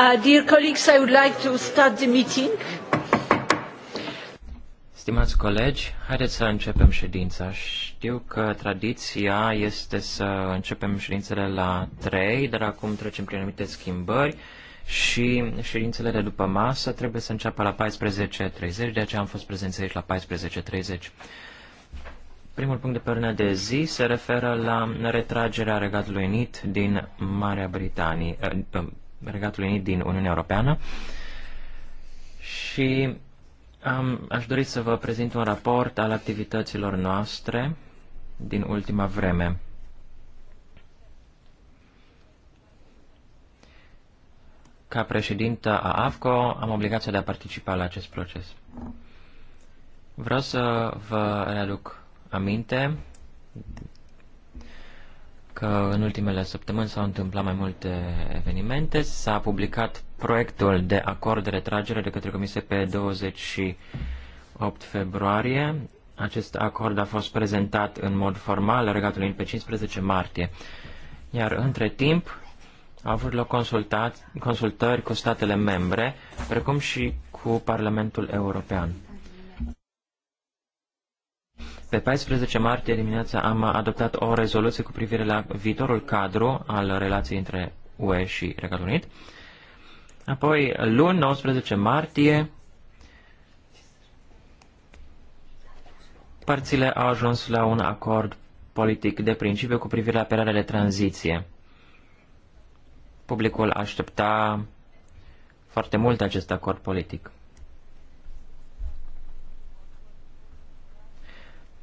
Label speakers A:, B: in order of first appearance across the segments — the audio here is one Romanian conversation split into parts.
A: Uh, dear colleagues, I would like to start the meeting.
B: Stimați colegi, haideți să începem ședința. Știu că tradiția este să începem ședințele la 3, dar acum trecem prin anumite schimbări și ședințele de după masă trebuie să înceapă la 14.30, de aceea am fost prezenți aici la 14.30. Primul punct de pe ordinea de zi se referă la retragerea Regatului Unit din Marea Britanie, er, Regatul Unit din Uniunea Europeană și am, aș dori să vă prezint un raport al activităților noastre din ultima vreme. Ca președintă a AFCO am obligația de a participa la acest proces. Vreau să vă readuc aminte că în ultimele săptămâni s-au întâmplat mai multe evenimente. S-a publicat proiectul de acord de retragere de către Comisie pe 28 februarie. Acest acord a fost prezentat în mod formal Regatul pe 15 martie. Iar între timp au avut loc consultat, consultări cu statele membre, precum și cu Parlamentul European. Pe 14 martie dimineața am adoptat o rezoluție cu privire la viitorul cadru al relației între UE și Regatul Unit. Apoi, luni, 19 martie, părțile au ajuns la un acord politic de principiu cu privire la perioada de tranziție. Publicul aștepta foarte mult acest acord politic.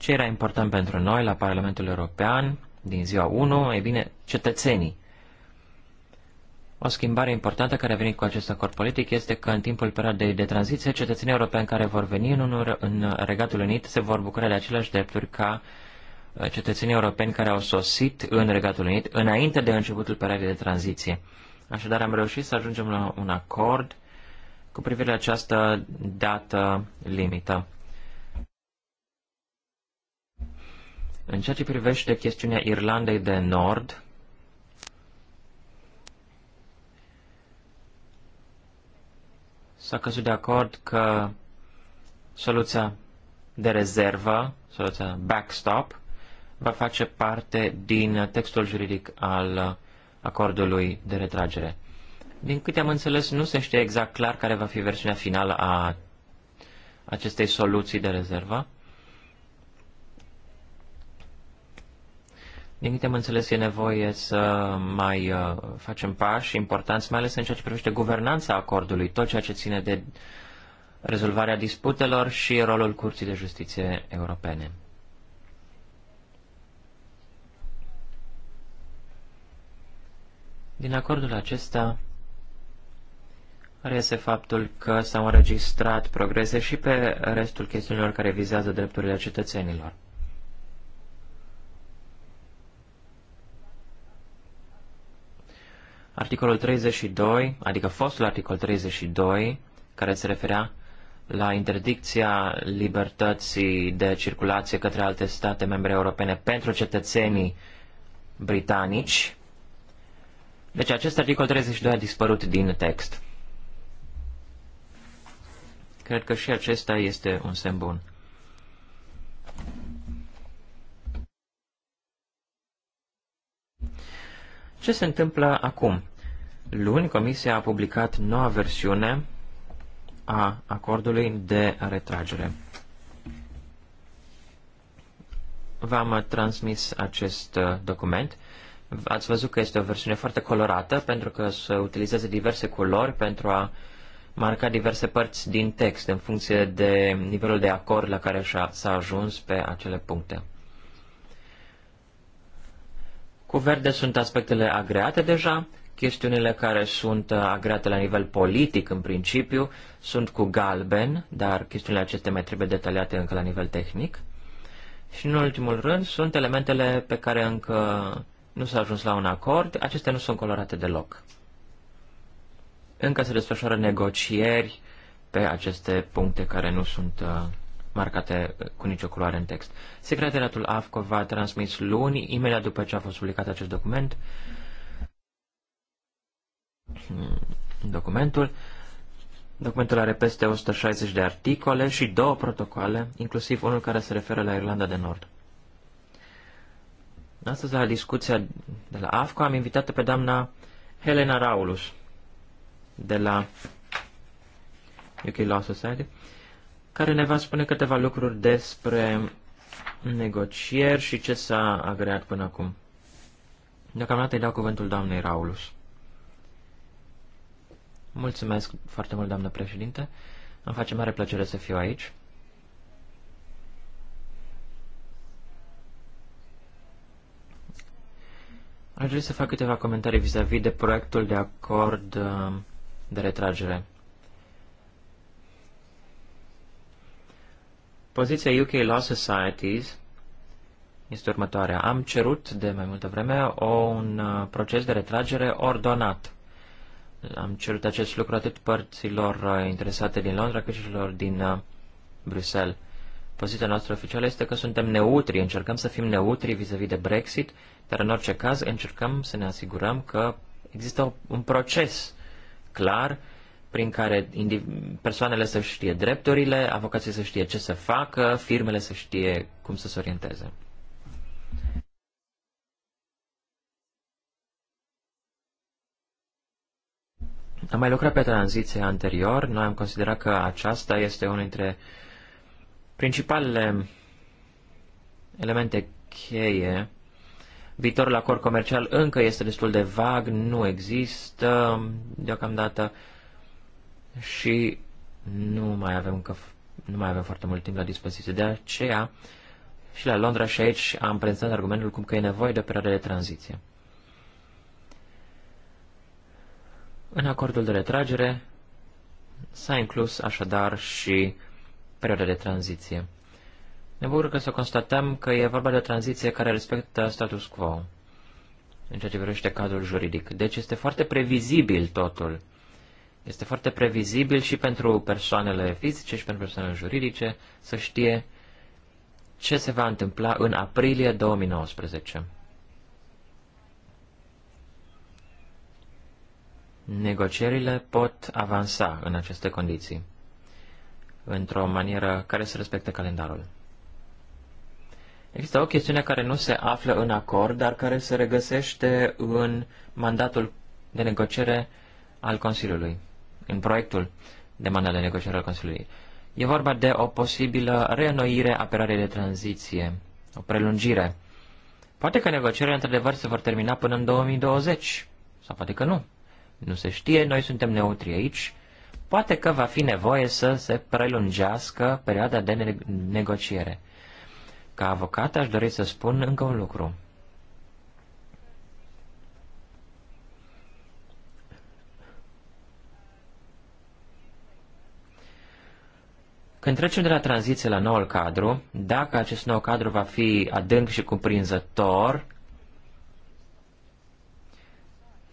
B: Ce era important pentru noi la Parlamentul European din ziua 1? e bine, cetățenii. O schimbare importantă care a venit cu acest acord politic este că în timpul perioadei de tranziție, cetățenii europeni care vor veni în, unor, în Regatul Unit se vor bucura de aceleași drepturi ca uh, cetățenii europeni care au sosit în Regatul Unit înainte de începutul perioadei de tranziție. Așadar, am reușit să ajungem la un acord cu privire la această dată limită. În ceea ce privește chestiunea Irlandei de Nord, s-a căzut de acord că soluția de rezervă, soluția backstop, va face parte din textul juridic al acordului de retragere. Din câte am înțeles, nu se știe exact clar care va fi versiunea finală a acestei soluții de rezervă. Din câte am înțeles, e nevoie să mai uh, facem pași importanți, mai ales în ceea ce privește guvernanța acordului, tot ceea ce ține de rezolvarea disputelor și rolul Curții de Justiție Europene. Din acordul acesta reiese faptul că s-au înregistrat progrese și pe restul chestiunilor care vizează drepturile cetățenilor. Articolul 32, adică fostul articol 32, care se referea la interdicția libertății de circulație către alte state membre europene pentru cetățenii britanici. Deci acest articol 32 a dispărut din text. Cred că și acesta este un semn bun. Ce se întâmplă acum? Luni, Comisia a publicat noua versiune a acordului de retragere. V-am transmis acest uh, document. Ați văzut că este o versiune foarte colorată, pentru că se utilizează diverse culori pentru a marca diverse părți din text, în funcție de nivelul de acord la care s-a ajuns pe acele puncte. Cu verde sunt aspectele agreate deja, chestiunile care sunt agreate la nivel politic în principiu sunt cu galben, dar chestiunile acestea mai trebuie detaliate încă la nivel tehnic. Și în ultimul rând sunt elementele pe care încă nu s-a ajuns la un acord, acestea nu sunt colorate deloc. Încă se desfășoară negocieri pe aceste puncte care nu sunt uh, marcate uh, cu nicio culoare în text. Secretariatul AFCO va transmis luni, imediat după ce a fost publicat acest document, hmm, documentul. Documentul are peste 160 de articole și două protocoale, inclusiv unul care se referă la Irlanda de Nord. Astăzi, la discuția de la AFCO, am invitat pe doamna Helena Raulus de la UK Law Society care ne va spune câteva lucruri despre negocieri și ce s-a agreat până acum. Deocamdată îi dau cuvântul doamnei Raulus. Mulțumesc foarte mult, doamnă președinte. Îmi face mare plăcere să fiu aici. Aș vrea să fac câteva comentarii vis-a-vis -vis de proiectul de acord uh, de retragere. Poziția UK Law Societies este următoarea. Am cerut de mai multă vreme o, un uh, proces de retragere ordonat. Am cerut acest lucru atât părților uh, interesate din Londra cât și celor din uh, Bruxelles. Poziția noastră oficială este că suntem neutri, încercăm să fim neutri vis-a-vis -vis de Brexit, dar în orice caz încercăm să ne asigurăm că există un proces clar prin care persoanele să știe drepturile, avocații să știe ce să facă, firmele să știe cum să se orienteze. Am mai lucrat pe tranziție anterior. Noi am considerat că aceasta este unul dintre principalele elemente cheie. Viitorul acord comercial încă este destul de vag, nu există deocamdată. Uh, și nu mai avem încă, nu mai avem foarte mult timp la dispoziție. De aceea, și la Londra și aici am prezentat argumentul cum că e nevoie de o perioadă de tranziție. În acordul de retragere s-a inclus așadar și perioada de tranziție. Ne bucur că să constatăm că e vorba de o tranziție care respectă status quo în ceea ce privește cadrul juridic. Deci este foarte previzibil totul este foarte previzibil și pentru persoanele fizice și pentru persoanele juridice să știe ce se va întâmpla în aprilie 2019. Negocierile pot avansa în aceste condiții, într-o manieră care să respecte calendarul. Există o chestiune care nu se află în acord, dar care se regăsește în mandatul de negociere al Consiliului în proiectul de mandat de negociere al Consiliului. E vorba de o posibilă reînnoire a perioadei de tranziție, o prelungire. Poate că negocierile într-adevăr se vor termina până în 2020, sau poate că nu. Nu se știe, noi suntem neutri aici. Poate că va fi nevoie să se prelungească perioada de ne- negociere. Ca avocat aș dori să spun încă un lucru. Când trecem de la tranziție la noul cadru, dacă acest nou cadru va fi adânc și cuprinzător,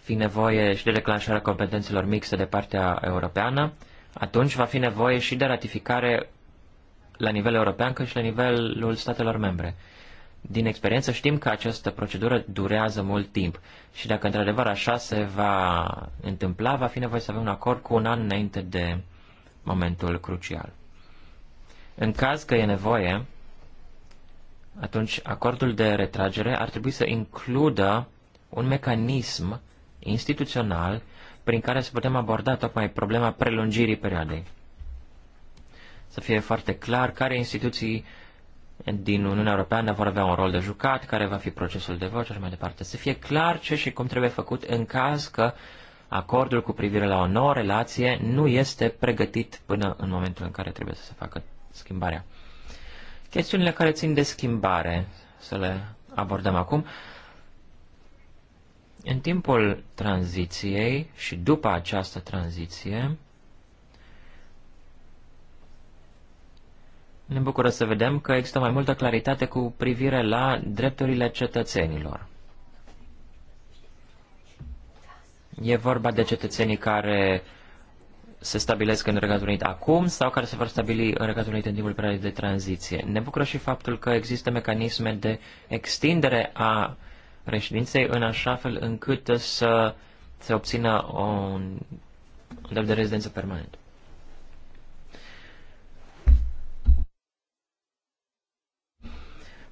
B: fi nevoie și de declanșarea competențelor mixte de partea europeană, atunci va fi nevoie și de ratificare la nivel european, cât și la nivelul statelor membre. Din experiență știm că această procedură durează mult timp și dacă într-adevăr așa se va întâmpla, va fi nevoie să avem un acord cu un an înainte de momentul crucial. În caz că e nevoie, atunci acordul de retragere ar trebui să includă un mecanism instituțional prin care să putem aborda tocmai problema prelungirii perioadei. Să fie foarte clar care instituții din Uniunea Europeană vor avea un rol de jucat, care va fi procesul de voce și mai departe. Să fie clar ce și cum trebuie făcut în caz că acordul cu privire la o nouă relație nu este pregătit până în momentul în care trebuie să se facă schimbarea. Chestiunile care țin de schimbare, să le abordăm acum. În timpul tranziției și după această tranziție, ne bucură să vedem că există mai multă claritate cu privire la drepturile cetățenilor. E vorba de cetățenii care uh, se stabilesc în Regatul Unit acum sau care se vor stabili în Regatul Unit în timpul perioadei de tranziție. Ne bucură și faptul că există mecanisme de extindere a reședinței în așa fel încât să se obțină un drept de rezidență permanent.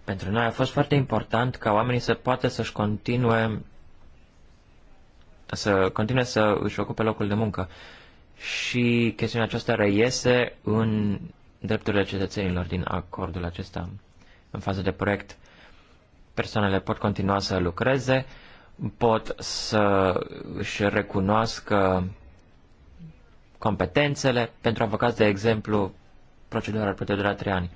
B: Pentru noi a fost foarte important ca oamenii să poată să-și continue să continue să își ocupe locul de muncă și chestiunea aceasta reiese în drepturile cetățenilor din acordul acesta. În fază de proiect, persoanele pot continua să lucreze, pot să își recunoască competențele. Pentru avocați, de exemplu, procedura ar putea dura trei ani.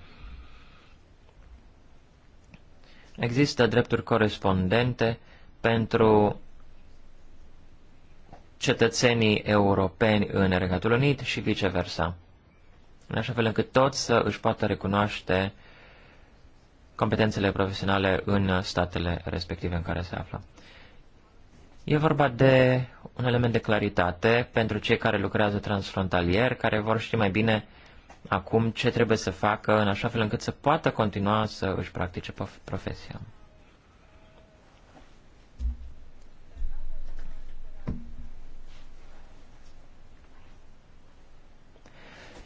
B: Există drepturi corespondente pentru cetățenii europeni în Regatul Unit și viceversa. În așa fel încât toți să își poată recunoaște competențele profesionale în statele respective în care se află. E vorba de un element de claritate pentru cei care lucrează transfrontalier, care vor ști mai bine acum ce trebuie să facă în așa fel încât să poată continua să își practice profesia.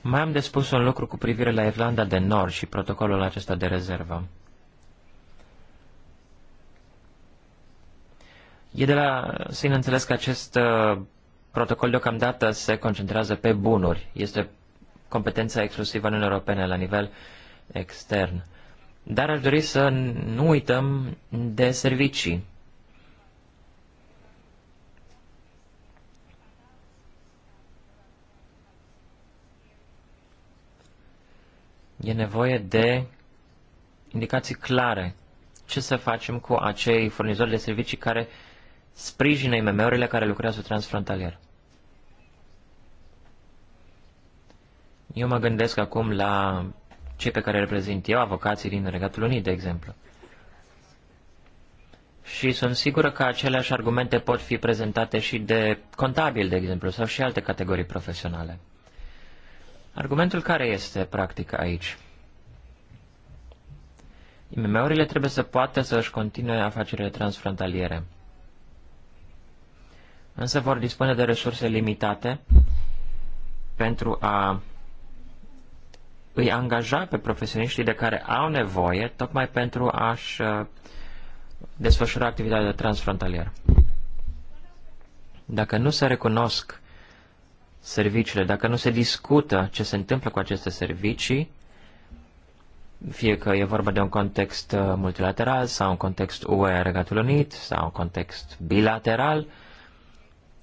B: Mai am de spus un lucru cu privire la Irlanda de Nord și protocolul acesta de rezervă. E de la sine înțeles că acest uh, protocol deocamdată se concentrează pe bunuri. Este competența exclusivă a Uniunii Europene la nivel extern. Dar aș dori să nu uităm de servicii. E nevoie de indicații clare. Ce să facem cu acei furnizori de servicii care sprijină IMM-urile care lucrează transfrontalier? Eu mă gândesc acum la cei pe care reprezint eu, avocații din Regatul Unit, de exemplu. Și sunt sigură că aceleași argumente pot fi prezentate și de contabil, de exemplu, sau și alte categorii profesionale. Argumentul care este, practic, aici? IMM-urile trebuie să poată să își continue afacerile transfrontaliere. Însă vor dispune de resurse limitate pentru a îi angaja pe profesioniștii de care au nevoie, tocmai pentru a-și uh, desfășura activitatea transfrontalieră. Dacă nu se recunosc serviciile, dacă nu se discută ce se întâmplă cu aceste servicii, fie că e vorba de un context uh, multilateral sau un context UE Regatul Unit sau un context bilateral,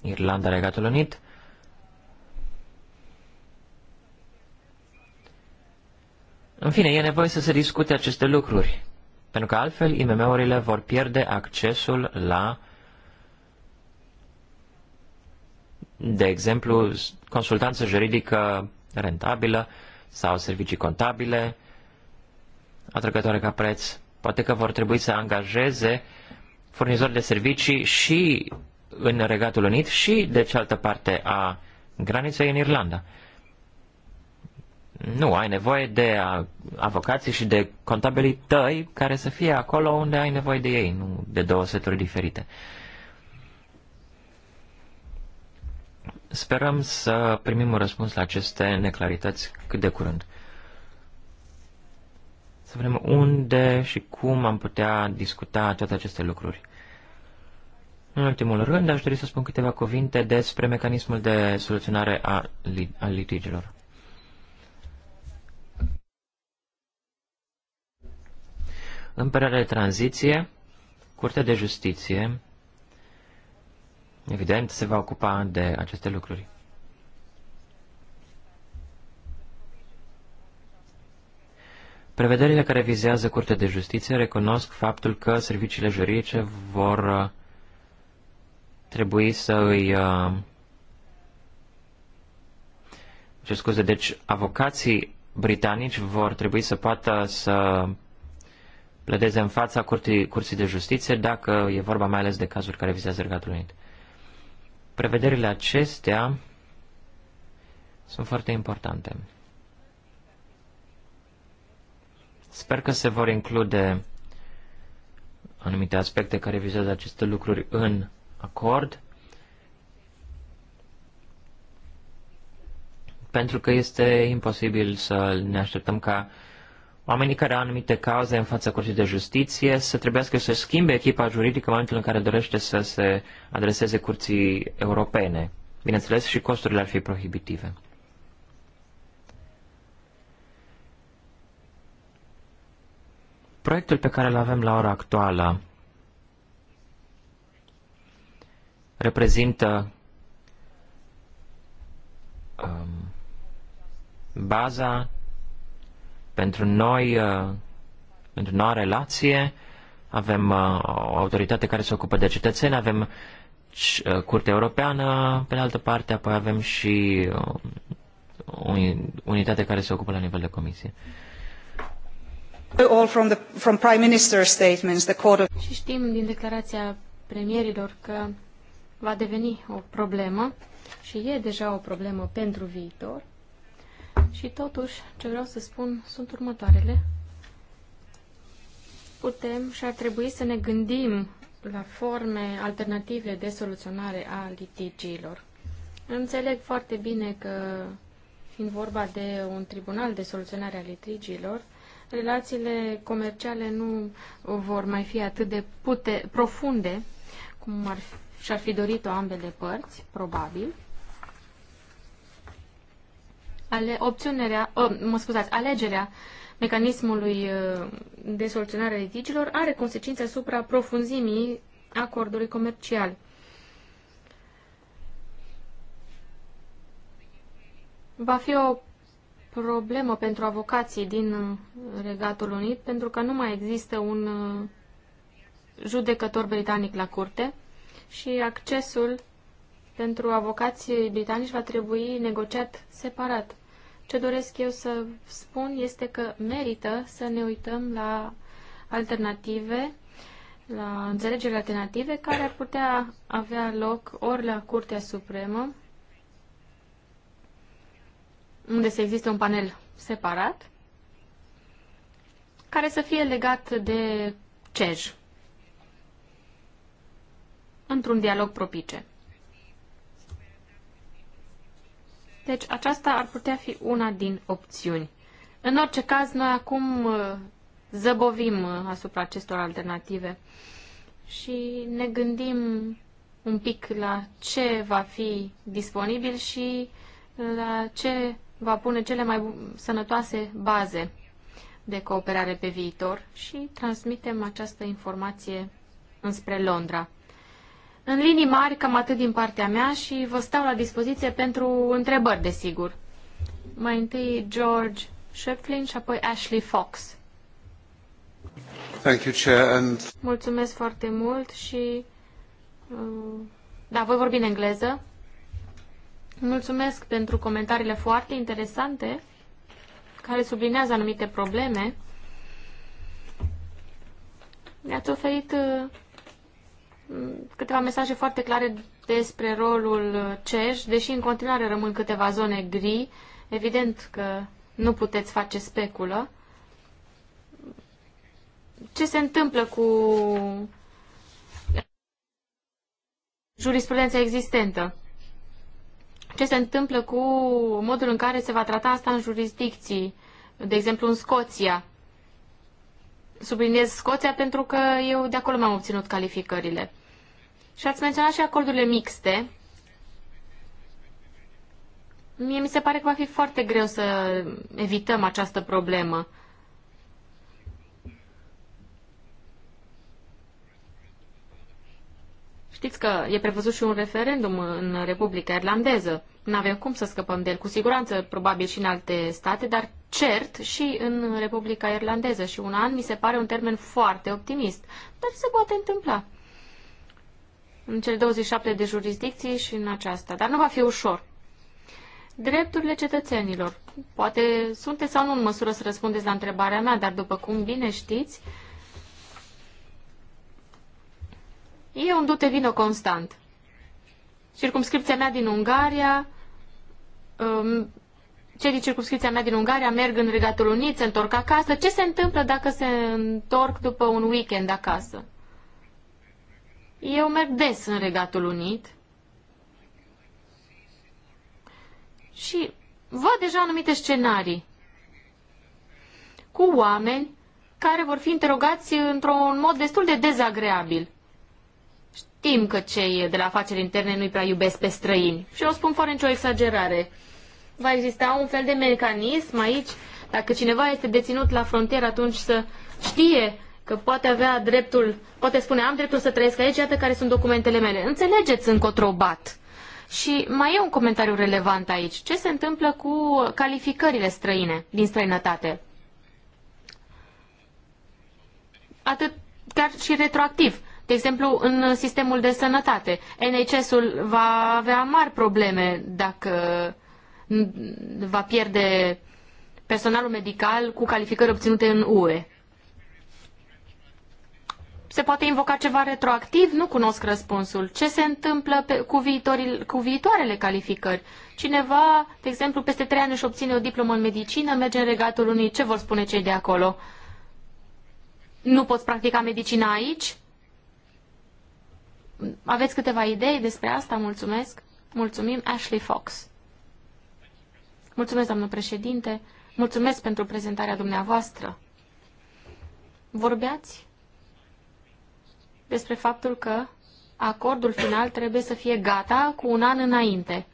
B: Irlanda Regatul Unit, În fine, e nevoie să se discute aceste lucruri, pentru că altfel IMM-urile vor pierde accesul la de exemplu, consultanță juridică rentabilă sau servicii contabile atrăgătoare ca preț. Poate că vor trebui să angajeze furnizori de servicii și în Regatul Unit și de cealaltă parte a graniței în Irlanda. Nu, ai nevoie de avocații și de contabilii tăi care să fie acolo unde ai nevoie de ei, nu de două seturi diferite. Uh, Sperăm să primim un răspuns la aceste neclarități cât de curând. Să vedem unde și cum am putea discuta toate aceste lucruri. În ultimul rând, aș dori să spun câteva cuvinte despre mecanismul de soluționare a, li- a litigilor. În perioada de tranziție, Curtea de Justiție evident, se va ocupa de aceste lucruri. Prevederile care vizează Curtea de Justiție recunosc faptul că serviciile juridice vor uh, trebui să îi... Uh, ce scuze, deci avocații britanici vor trebui să poată să plădeze în fața curții, curții de justiție dacă e vorba mai ales de cazuri care vizează Regatul Unit. Prevederile acestea sunt foarte importante. Sper că se vor include anumite aspecte care vizează aceste lucruri în acord, pentru că este imposibil să ne așteptăm ca oamenii care au anumite cauze în fața Curții de Justiție să trebuiască să schimbe echipa juridică în momentul în care dorește să se adreseze Curții Europene. Bineînțeles, și costurile ar fi prohibitive. Proiectul pe care îl avem la ora actuală reprezintă um, baza pentru noi, uh, pentru noua relație, avem uh, o autoritate care se ocupă de cetățeni, avem uh, Curtea Europeană, pe de altă parte, apoi avem și o unitate care se ocupă la nivel de comisie.
C: All from the, from Prime Minister's statements, the court of...
A: Și știm din declarația premierilor că va deveni o problemă și e deja o problemă pentru viitor. Și totuși, ce vreau să spun sunt următoarele. Putem și ar trebui să ne gândim la forme alternative de soluționare a litigiilor. Înțeleg foarte bine că, fiind vorba de un tribunal de soluționare a litigiilor, relațiile comerciale nu vor mai fi atât de pute- profunde cum ar, și-ar fi dorit-o ambele părți, probabil ale, opțiunea, mă scuzați, alegerea mecanismului uh, de soluționare a litigilor are consecințe asupra profunzimii acordului comercial. Va fi o problemă pentru avocații din Regatul Unit pentru că nu mai există un uh, judecător britanic la curte și accesul pentru avocații britanici va trebui negociat separat. Ce doresc eu să spun este că merită să ne uităm la alternative, la înțelegeri alternative care ar putea avea loc ori la Curtea Supremă, unde să existe un panel separat, care să fie legat de CEJ, într-un dialog propice. Deci aceasta ar putea fi una din opțiuni. În orice caz, noi acum uh, zăbovim uh, asupra acestor alternative și ne gândim un pic la ce va fi disponibil și uh, la ce va pune cele mai sănătoase baze de cooperare pe viitor și transmitem această informație înspre Londra. În linii mari, cam atât din partea mea și vă stau la dispoziție pentru întrebări, desigur. Mai întâi George Shepflin și apoi Ashley Fox. Thank you, Chair, and... Mulțumesc foarte mult și... Uh, da, voi vorbi în engleză. Mulțumesc pentru comentariile foarte interesante care sublinează anumite probleme. Ne-ați oferit uh, câteva mesaje foarte clare despre rolul CEJ, deși în continuare rămân câteva zone gri. Evident că nu puteți face speculă. Ce se întâmplă cu jurisprudența existentă? Ce se întâmplă cu modul în care se va trata asta în jurisdicții? De exemplu, în Scoția, subliniez Scoția pentru că eu de acolo m am obținut calificările. Și ați menționat și acordurile mixte. Mie mi se pare că va fi foarte greu să evităm această problemă. Știți că e prevăzut și un referendum în Republica Irlandeză nu avem cum să scăpăm de el. Cu siguranță, probabil și în alte state, dar cert și în Republica Irlandeză. Și un an mi se pare un termen foarte optimist. Dar se poate întâmpla. În cele 27 de jurisdicții și în aceasta. Dar nu va fi ușor. Drepturile cetățenilor. Poate sunteți sau nu în măsură să răspundeți la întrebarea mea, dar după cum bine știți, e un dute vino constant. Circumscripția mea din Ungaria um, cei din circunscripția mea din Ungaria merg în Regatul Unit, se întorc acasă. Ce se întâmplă dacă se întorc după un weekend acasă? Eu merg des în Regatul Unit și văd deja anumite scenarii cu oameni care vor fi interogați într-un mod destul de dezagreabil știm că cei de la afaceri interne nu-i prea iubesc pe străini. Și eu spun fără nicio exagerare. Va exista un fel de mecanism aici, dacă cineva este deținut la frontieră, atunci să știe că poate avea dreptul, poate spune, am dreptul să trăiesc aici, iată care sunt documentele mele. Înțelegeți încotrobat. Și mai e un comentariu relevant aici. Ce se întâmplă cu calificările străine din străinătate? Atât chiar și retroactiv. De exemplu, în sistemul de sănătate, NHS-ul va avea mari probleme dacă va pierde personalul medical cu calificări obținute în UE. Se poate invoca ceva retroactiv? Nu cunosc răspunsul. Ce se întâmplă pe, cu, viitorii, cu viitoarele calificări? Cineva, de exemplu, peste trei ani își obține o diplomă în medicină, merge în regatul unui, ce vor spune cei de acolo? Nu poți practica medicina aici? Aveți câteva idei despre asta? Mulțumesc. Mulțumim, Ashley Fox. Mulțumesc, doamnă președinte. Mulțumesc pentru prezentarea dumneavoastră. Vorbeați despre faptul că acordul final trebuie să fie gata cu un an înainte.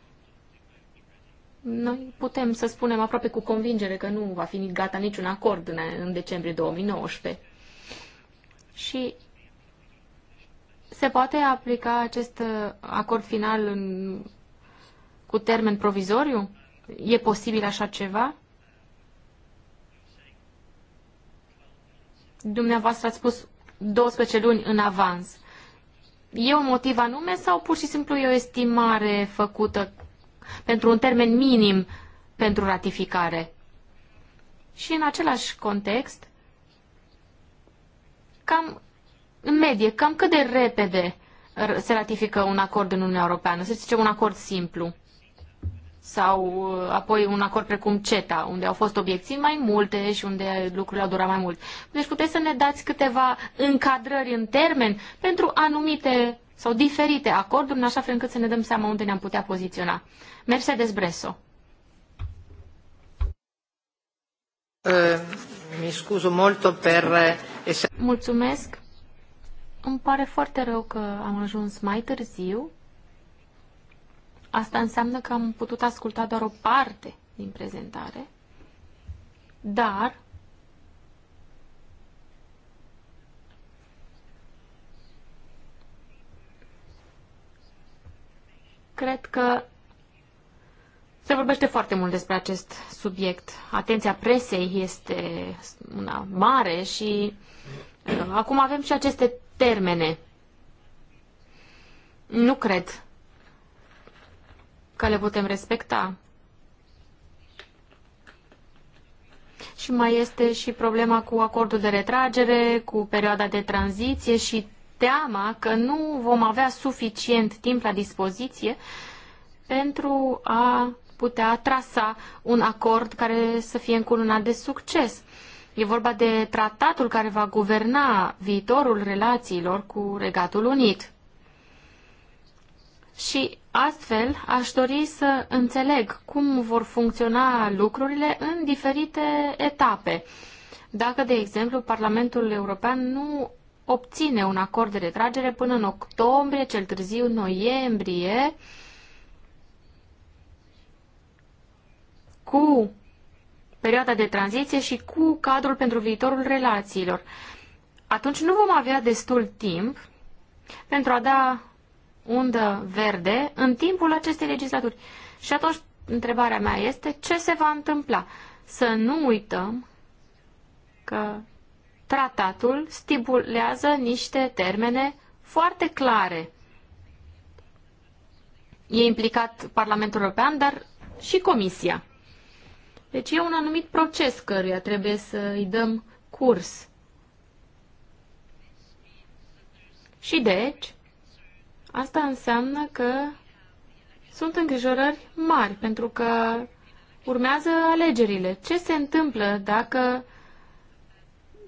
A: Noi putem să spunem aproape cu convingere că nu va fi gata niciun acord în, decembrie 2019. Și se poate aplica acest uh, acord final în, cu termen provizoriu? E posibil așa ceva? Dumneavoastră ați spus 12 luni în avans. E un motiv anume sau pur și simplu e o estimare făcută pentru un termen minim pentru ratificare? Și în același context, cam în medie, cam cât de repede se ratifică un acord în Uniunea Europeană? Să zicem un acord simplu sau uh, apoi un acord precum CETA, unde au fost obiecții mai multe și unde lucrurile au durat mai mult. Deci puteți să ne dați câteva încadrări în termen pentru anumite sau diferite acorduri, în așa fel încât să ne dăm seama unde ne-am putea poziționa. Mercedes Bresso. Uh,
B: mi scuzo molto per...
A: Eh, Mulțumesc. Îmi pare foarte rău că am ajuns mai târziu. Asta înseamnă că am putut asculta doar o parte din prezentare. Dar cred că se vorbește foarte mult despre acest subiect. Atenția presei este una mare și uh, acum avem și aceste termene. Nu cred că le putem respecta. Și mai este și problema cu acordul de retragere, cu perioada de tranziție și teama că nu vom avea suficient timp la dispoziție pentru a putea trasa un acord care să fie încununat de succes. E vorba de tratatul care va guverna viitorul relațiilor cu Regatul Unit. Și astfel aș dori să înțeleg cum vor funcționa lucrurile în diferite etape. Dacă, de exemplu, Parlamentul European nu obține un acord de retragere până în octombrie, cel târziu noiembrie, cu perioada de tranziție și cu cadrul pentru viitorul relațiilor. Atunci nu vom avea destul timp pentru a da undă verde în timpul acestei legislaturi. Și atunci întrebarea mea este ce se va întâmpla? Să nu uităm că tratatul stipulează niște termene foarte clare. E implicat Parlamentul European, dar și Comisia. Deci e un anumit proces căruia trebuie să îi dăm curs. Și deci, asta înseamnă că sunt îngrijorări mari, pentru că urmează alegerile. Ce se întâmplă dacă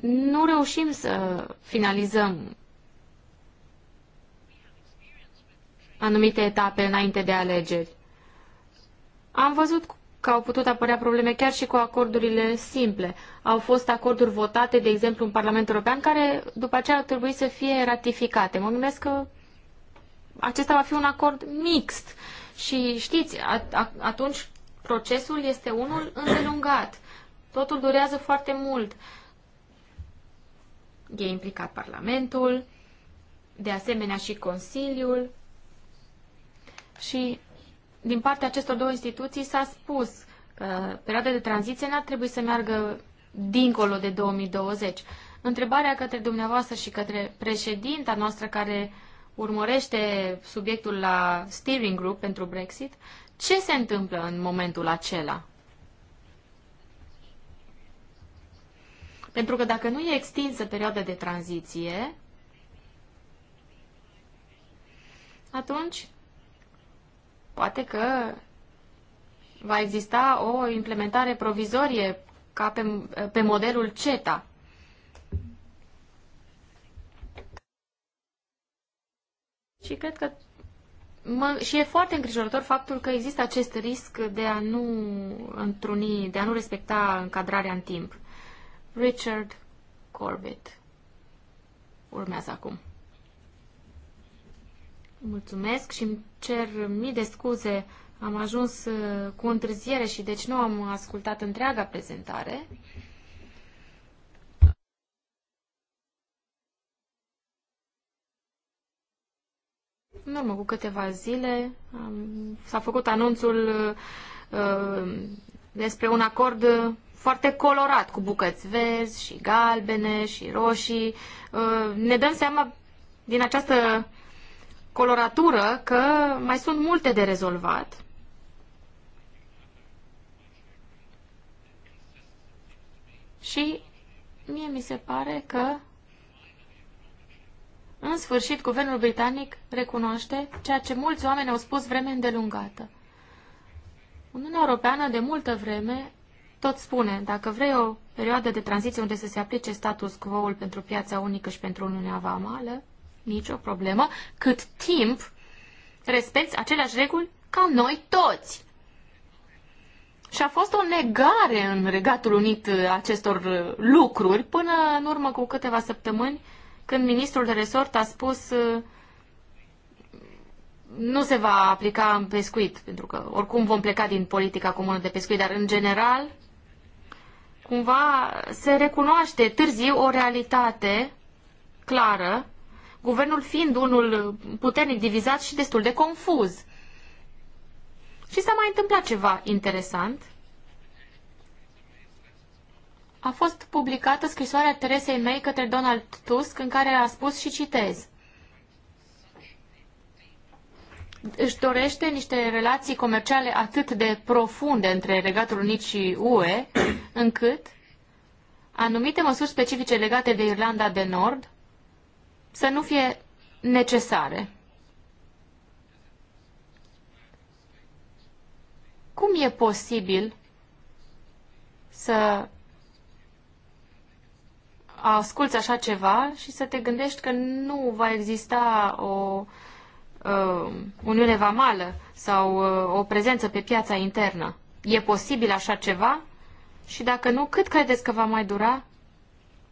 A: nu reușim să finalizăm anumite etape înainte de alegeri? Am văzut că au putut apărea probleme chiar și cu acordurile simple. Au fost acorduri votate, de exemplu, în Parlamentul European, care după aceea au trebuit să fie ratificate. Mă gândesc că acesta va fi un acord mixt. Și știți, atunci procesul este unul îndelungat. Totul durează foarte mult. E implicat Parlamentul, de asemenea și Consiliul. Și din partea acestor două instituții s-a spus că perioada de tranziție n-ar trebui să meargă dincolo de 2020. Întrebarea către dumneavoastră și către președinta noastră care urmărește subiectul la steering group pentru Brexit, ce se întâmplă în momentul acela? Pentru că dacă nu e extinsă perioada de tranziție, atunci Poate că va exista o implementare provizorie ca pe, pe modelul CETA. Și cred că mă, și e foarte îngrijorător faptul că există acest risc de a nu întruni, de a nu respecta încadrarea în timp. Richard Corbett urmează acum. Mulțumesc și îmi cer mii de scuze. Am ajuns uh, cu întârziere și deci nu am ascultat întreaga prezentare. în urmă cu câteva zile s-a făcut anunțul uh, despre un acord foarte colorat, cu bucăți verzi și galbene și roșii. Uh, ne dăm seama din această coloratură că mai sunt multe de rezolvat. Și mie mi se pare că în sfârșit, guvernul britanic recunoaște ceea ce mulți oameni au spus vreme îndelungată. Uniunea Europeană de multă vreme tot spune, dacă vrei o perioadă de tranziție unde să se aplice status quo-ul pentru piața unică și pentru Uniunea Vamală, nicio problemă, cât timp respecti aceleași reguli ca noi toți. Și a fost o negare în Regatul Unit uh, acestor uh, lucruri până în urmă cu câteva săptămâni când ministrul de resort a spus uh, nu se va aplica în pescuit, pentru că oricum vom pleca din politica comună de pescuit, dar în general cumva se recunoaște târziu o realitate clară guvernul fiind unul puternic divizat și destul de confuz. Și s-a mai întâmplat ceva interesant. A fost publicată scrisoarea Teresei mei către Donald Tusk în care a spus și citez. Își dorește niște relații comerciale atât de profunde între Regatul Unit și UE, încât anumite măsuri specifice legate de Irlanda de Nord să nu fie necesare. Cum e posibil să asculți așa ceva și să te gândești că nu va exista o uh, uniune vamală sau uh, o prezență pe piața internă. E posibil așa ceva? Și dacă nu, cât credeți că va mai dura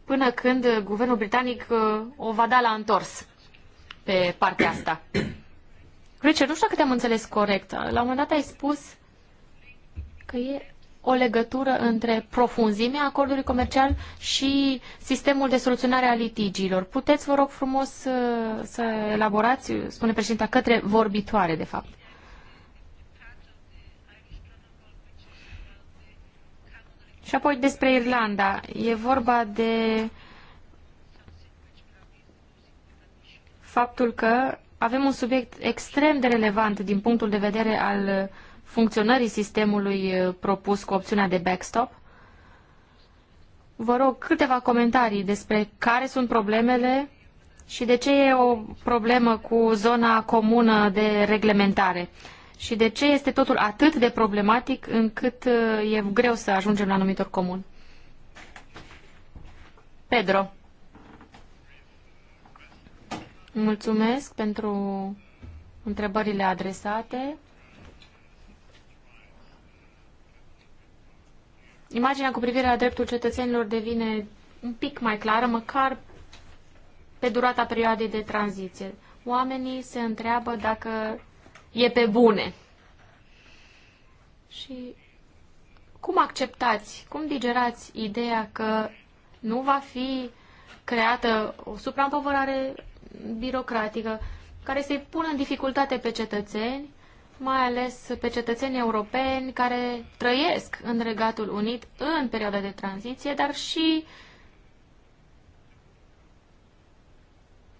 A: până când uh, guvernul britanic uh, o va da la întors pe partea asta. Richard, nu știu dacă te-am înțeles corect. Uh, la un moment dat ai spus că e o legătură între profunzimea acordului comercial și sistemul de soluționare a litigiilor. Puteți, vă rog frumos, să elaborați, spune președinta, către vorbitoare, de fapt. Și apoi despre Irlanda. E vorba de faptul că avem un subiect extrem de relevant din punctul de vedere al funcționării sistemului uh, propus cu opțiunea de backstop. Vă rog câteva comentarii despre care sunt problemele și de ce e o problemă cu zona comună de reglementare și de ce este totul atât de problematic încât uh, e greu să ajungem la numitor comun. Pedro. Mulțumesc pentru întrebările adresate. Imaginea cu privire la dreptul cetățenilor devine un pic mai clară, măcar pe durata perioadei de tranziție. Oamenii se întreabă dacă e pe bune. Și cum acceptați, cum digerați ideea că nu va fi creată o supraîmpovărare birocratică care să-i pună în dificultate pe cetățeni, mai ales pe cetățenii europeni care trăiesc în Regatul Unit în perioada de tranziție, dar și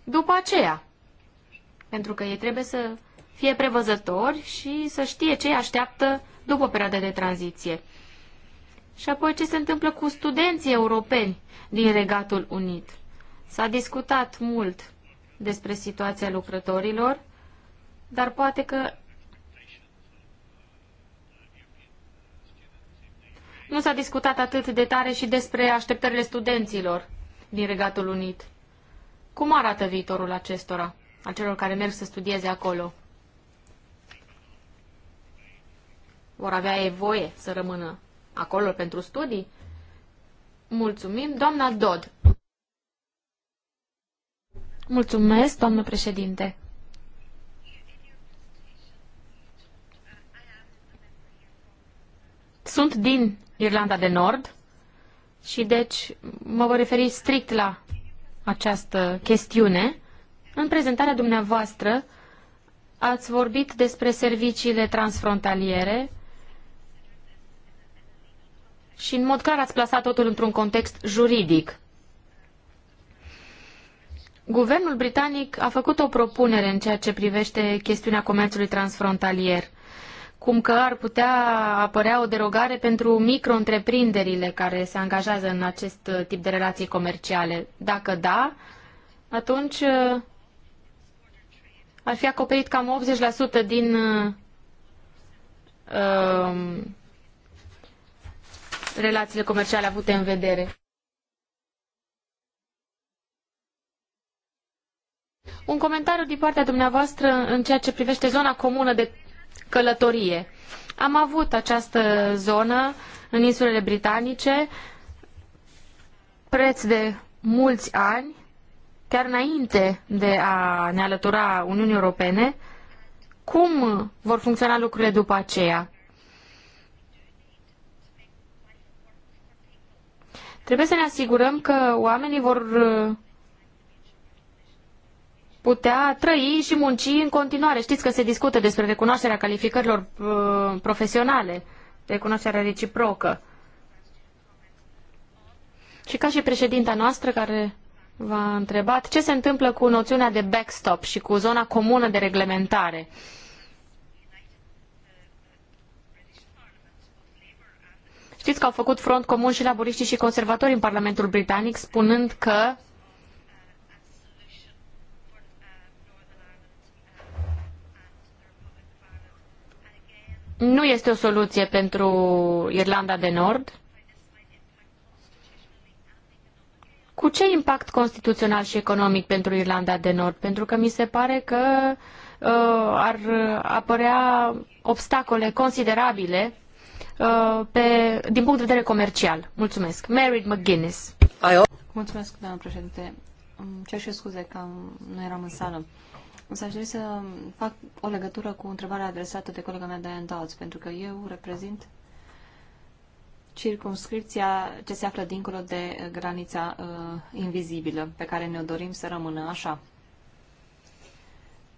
A: după aceea. Pentru că ei trebuie să fie prevăzători și să știe ce așteaptă după perioada de tranziție. Și apoi ce se întâmplă cu studenții europeni din Regatul Unit. S-a discutat mult despre situația lucrătorilor, dar poate că nu s-a discutat atât de tare și despre așteptările studenților din Regatul Unit. Cum arată viitorul acestora, acelor celor care merg să studieze acolo? vor avea voie să rămână acolo pentru studii? Mulțumim, doamna Dodd. Mulțumesc, doamnă președinte. Sunt din Irlanda de Nord și deci mă voi referi strict la această chestiune. În prezentarea dumneavoastră ați vorbit despre serviciile transfrontaliere, și în mod clar ați plasat totul într-un context juridic. Guvernul britanic a făcut o propunere în ceea ce privește chestiunea comerțului transfrontalier, cum că ar putea apărea o derogare pentru micro-întreprinderile care se angajează în acest tip de relații comerciale. Dacă da, atunci uh, ar fi acoperit cam 80% din uh, um, relațiile comerciale avute în vedere. Un comentariu din partea dumneavoastră în ceea ce privește zona comună de călătorie. Am avut această zonă în insulele britanice, preț de mulți ani, chiar înainte de a ne alătura Uniunii Europene, cum vor funcționa lucrurile după aceea? Trebuie să ne asigurăm că oamenii vor uh, putea trăi și munci în continuare. Știți că se discută despre recunoașterea calificărilor uh, profesionale, recunoașterea reciprocă. Și ca și președinta noastră care v-a întrebat ce se întâmplă cu noțiunea de backstop și cu zona comună de reglementare. Uh, Știți că au făcut front comun și laburiștii și conservatorii în Parlamentul Britanic, spunând că nu este o soluție pentru Irlanda de Nord. Cu ce impact constituțional și economic pentru Irlanda de Nord? Pentru că mi se pare că uh, ar apărea obstacole considerabile Uh, pe, din punct de vedere comercial. Mulțumesc. Mary McGuinness. Mulțumesc, doamnă președinte. Cer și scuze că nu eram în sală.
C: Însă aș dori să fac o legătură cu întrebarea adresată de colega mea Diane Dodds, pentru că eu reprezint circumscripția ce se află dincolo de granița uh, invizibilă, pe care ne-o dorim să rămână așa.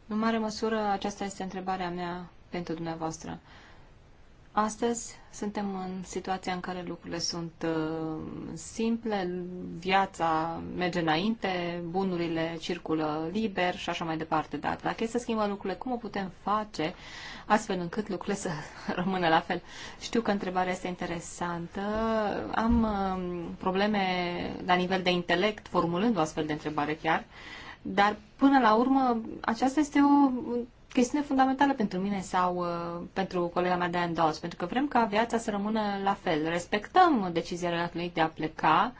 C: În mare măsură, aceasta este întrebarea mea pentru dumneavoastră. Uh, Astăzi suntem în situația în care lucrurile sunt uh, simple, viața merge înainte, bunurile circulă liber și așa mai departe. Dar dacă e să schimbă lucrurile, cum o putem face astfel încât lucrurile să rămână la fel? Știu că întrebarea este interesantă. Am uh, probleme la nivel de intelect formulând o astfel de întrebare chiar. Dar, până la urmă, aceasta este o chestiune fundamentală pentru mine sau uh, pentru colega mea Diane Dawes, pentru că vrem ca viața să rămână la fel. Respectăm decizia relatului de a pleca,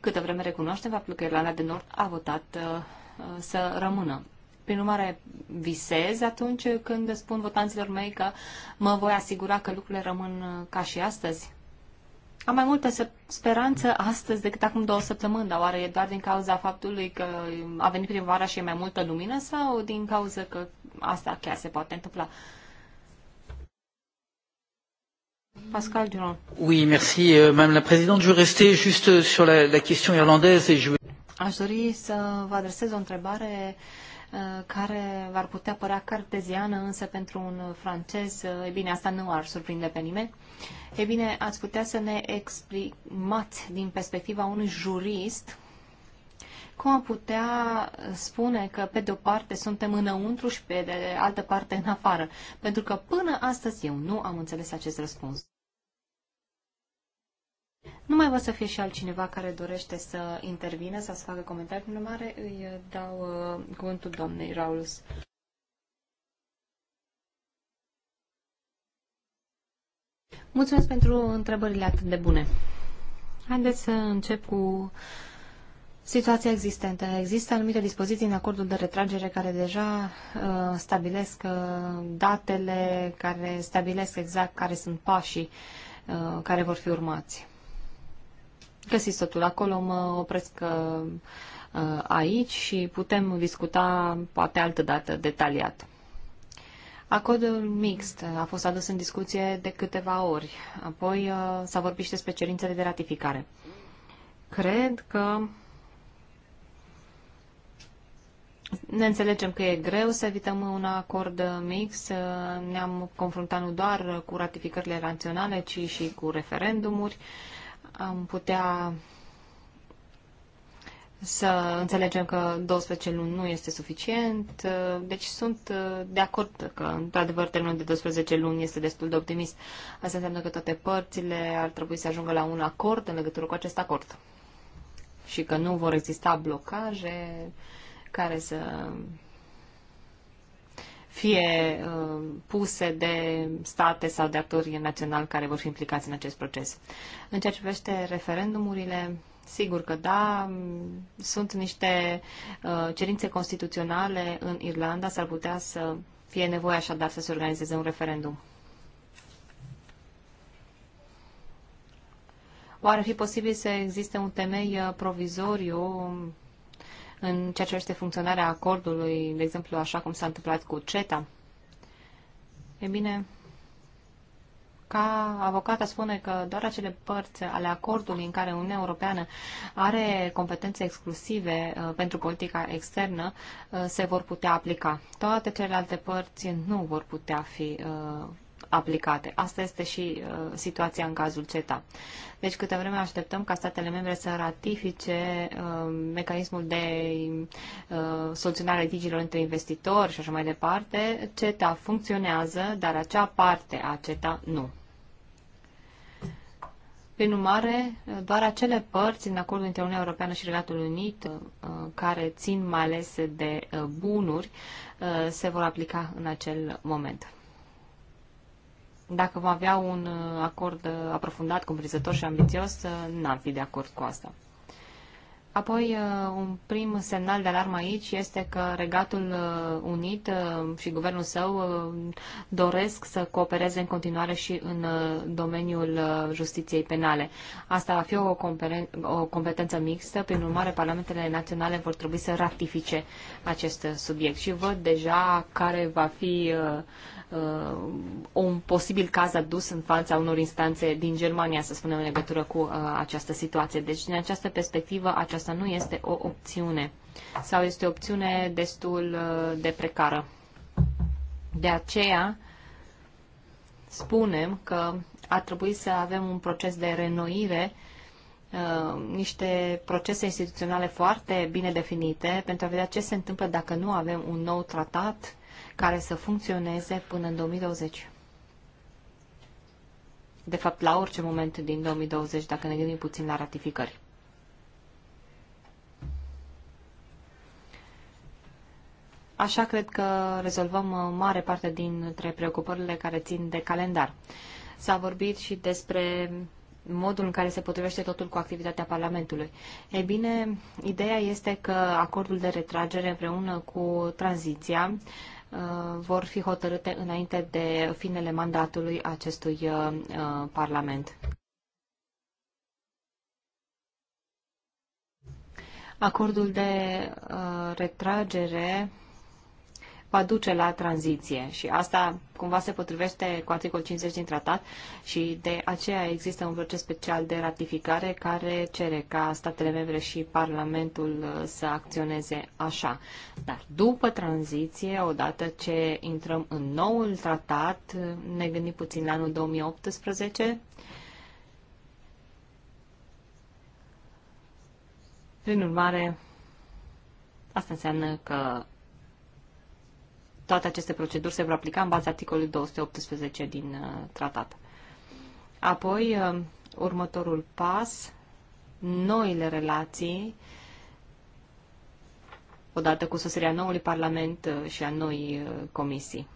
C: câtă vreme recunoaștem faptul că Irlanda de Nord a votat uh, uh să rămână. Prin urmare, visez atunci când spun votanților mei că mă voi asigura că lucrurile rămân uh, ca și astăzi. Am mai multă speranță astăzi decât acum două săptămâni, dar oare e doar din cauza faptului că a venit primăvara și e mai multă lumină sau din cauza că asta chiar se poate întâmpla? Pascal Durand.
B: Oui, merci, euh, Madame la Présidente. Je vais juste sur la, la question irlandaise et je
C: Aș dori să vă adresez o întrebare uh, care v-ar putea părea carteziană, însă pentru un francez, uh, e bine, asta nu ar surprinde pe nimeni. E bine, ați putea să ne exprimați din perspectiva unui jurist cum am putea spune că, pe de-o parte, suntem înăuntru și, pe de altă parte, în afară? Pentru că până astăzi eu nu am înțeles acest răspuns. Nu mai văd să fie și altcineva care dorește să intervine, să facă comentarii. Prin urmare, îi dau uh, cuvântul doamnei Raulus. Mulțumesc pentru întrebările atât de bune. Haideți să încep cu situația existentă. Există anumite dispoziții în acordul de retragere care deja uh, stabilesc uh, datele, care stabilesc exact care sunt pașii uh, care vor fi urmați. Găsiți totul acolo, mă opresc uh, uh aici și putem discuta poate altă dată detaliat. Acordul mixt a fost adus în discuție de câteva ori, apoi uh, s-a vorbit și despre cerințele de ratificare. Cred că ne înțelegem că e greu să evităm un acord mix. Ne-am confruntat nu doar cu ratificările naționale, ci și cu referendumuri. Am putea să înțelegem că 12 luni nu este suficient. Deci sunt uh, de acord că, într-adevăr, termenul de 12 luni este destul de optimist. Asta înseamnă că toate părțile ar trebui să ajungă la un acord în legătură cu acest acord. Și că nu vor exista blocaje care să fie uh, puse de state sau de actorii naționali care vor fi implicați în acest proces. În ceea ce privește referendumurile, Sigur că da, sunt niște uh, cerințe constituționale în Irlanda, s-ar putea să fie nevoie așadar să se organizeze un referendum. Oare ar fi posibil să existe un temei uh, provizoriu în ceea ce este funcționarea acordului, de exemplu, așa cum s-a întâmplat cu CETA? E bine, ca avocată spune că doar acele părți ale acordului în care Uniunea Europeană are competențe exclusive uh, pentru politica externă uh, se vor putea aplica. Toate celelalte părți nu vor putea fi uh, aplicate. Asta este și situația în cazul CETA. Deci câte vreme așteptăm ca statele membre să ratifice uh, mecanismul de uh, soluționare a litigiilor între investitori și așa mai departe, CETA funcționează, dar acea parte a CETA nu. Prin urmare, doar acele părți în acordul între Uniunea Europeană și Regatul Unit, uh, care țin mai ales de uh, bunuri, uh, se vor aplica în acel moment. Dacă vom avea un acord aprofundat, cuprinzător și ambițios, n-am fi de acord cu asta. Apoi, uh, un prim semnal de alarmă aici este că Regatul uh, Unit uh, și guvernul său doresc să coopereze în continuare și în domeniul justiției penale. Asta va fi o, o competență mixtă, prin urmare, parlamentele naționale vor trebui să ratifice acest subiect și văd deja care va fi uh, uh, un posibil caz adus în fața unor instanțe din Germania, să spunem, în legătură cu uh, această situație. Deci, din această perspectivă, aceasta nu este o opțiune sau este o opțiune destul uh, de precară. De aceea, spunem că ar trebui să avem un proces de renoire uh, niște procese instituționale foarte bine definite pentru a vedea ce se întâmplă dacă nu avem un nou tratat care să funcționeze până în 2020. De fapt, la orice moment din 2020, dacă ne gândim puțin la ratificări. Așa cred că rezolvăm mare parte dintre preocupările care țin de calendar. S-a vorbit și despre modul în care se potrivește totul cu activitatea Parlamentului. Ei bine, ideea este că acordul de retragere împreună cu tranziția Uh, vor fi hotărâte înainte de finele mandatului acestui uh, uh, Parlament. Acordul de retragere va duce la tranziție și asta cumva se potrivește cu articolul 50 din tratat și de aceea există un proces special de ratificare care cere ca statele membre și Parlamentul uh, să acționeze așa. Dar după tranziție, odată ce intrăm în noul tratat, uh, ne gândim puțin la anul 2018, Prin urmare, asta înseamnă că toate aceste proceduri se vor aplica în baza articolului 218 din uh, tratat. Apoi, uh, următorul pas, noile relații, odată cu sosirea noului Parlament uh, și a noii comisii.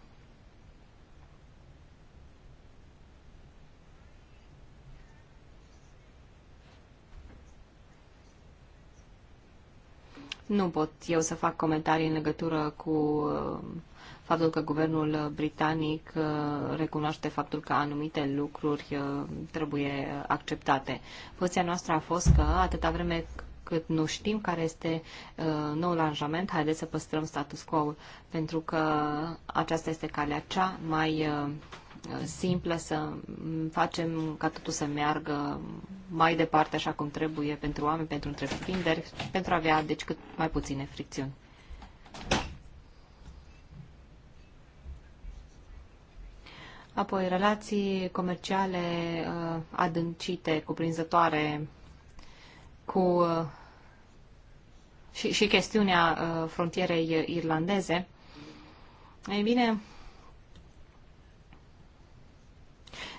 C: Nu pot eu să fac comentarii în legătură cu faptul că guvernul uh, britanic uh, recunoaște faptul că anumite lucruri uh, trebuie acceptate. Poziția noastră a fost că atâta vreme cât nu știm care este noul aranjament, haideți să păstrăm status quo pentru că aceasta este calea cea mai simplă să facem ca totul să meargă mai departe așa cum trebuie pentru oameni, pentru întreprinderi, pentru a avea deci cât mai puține fricțiuni. Apoi, relații comerciale uh, adâncite, cuprinzătoare cu uh, și, și chestiunea uh, frontierei irlandeze. Ei bine,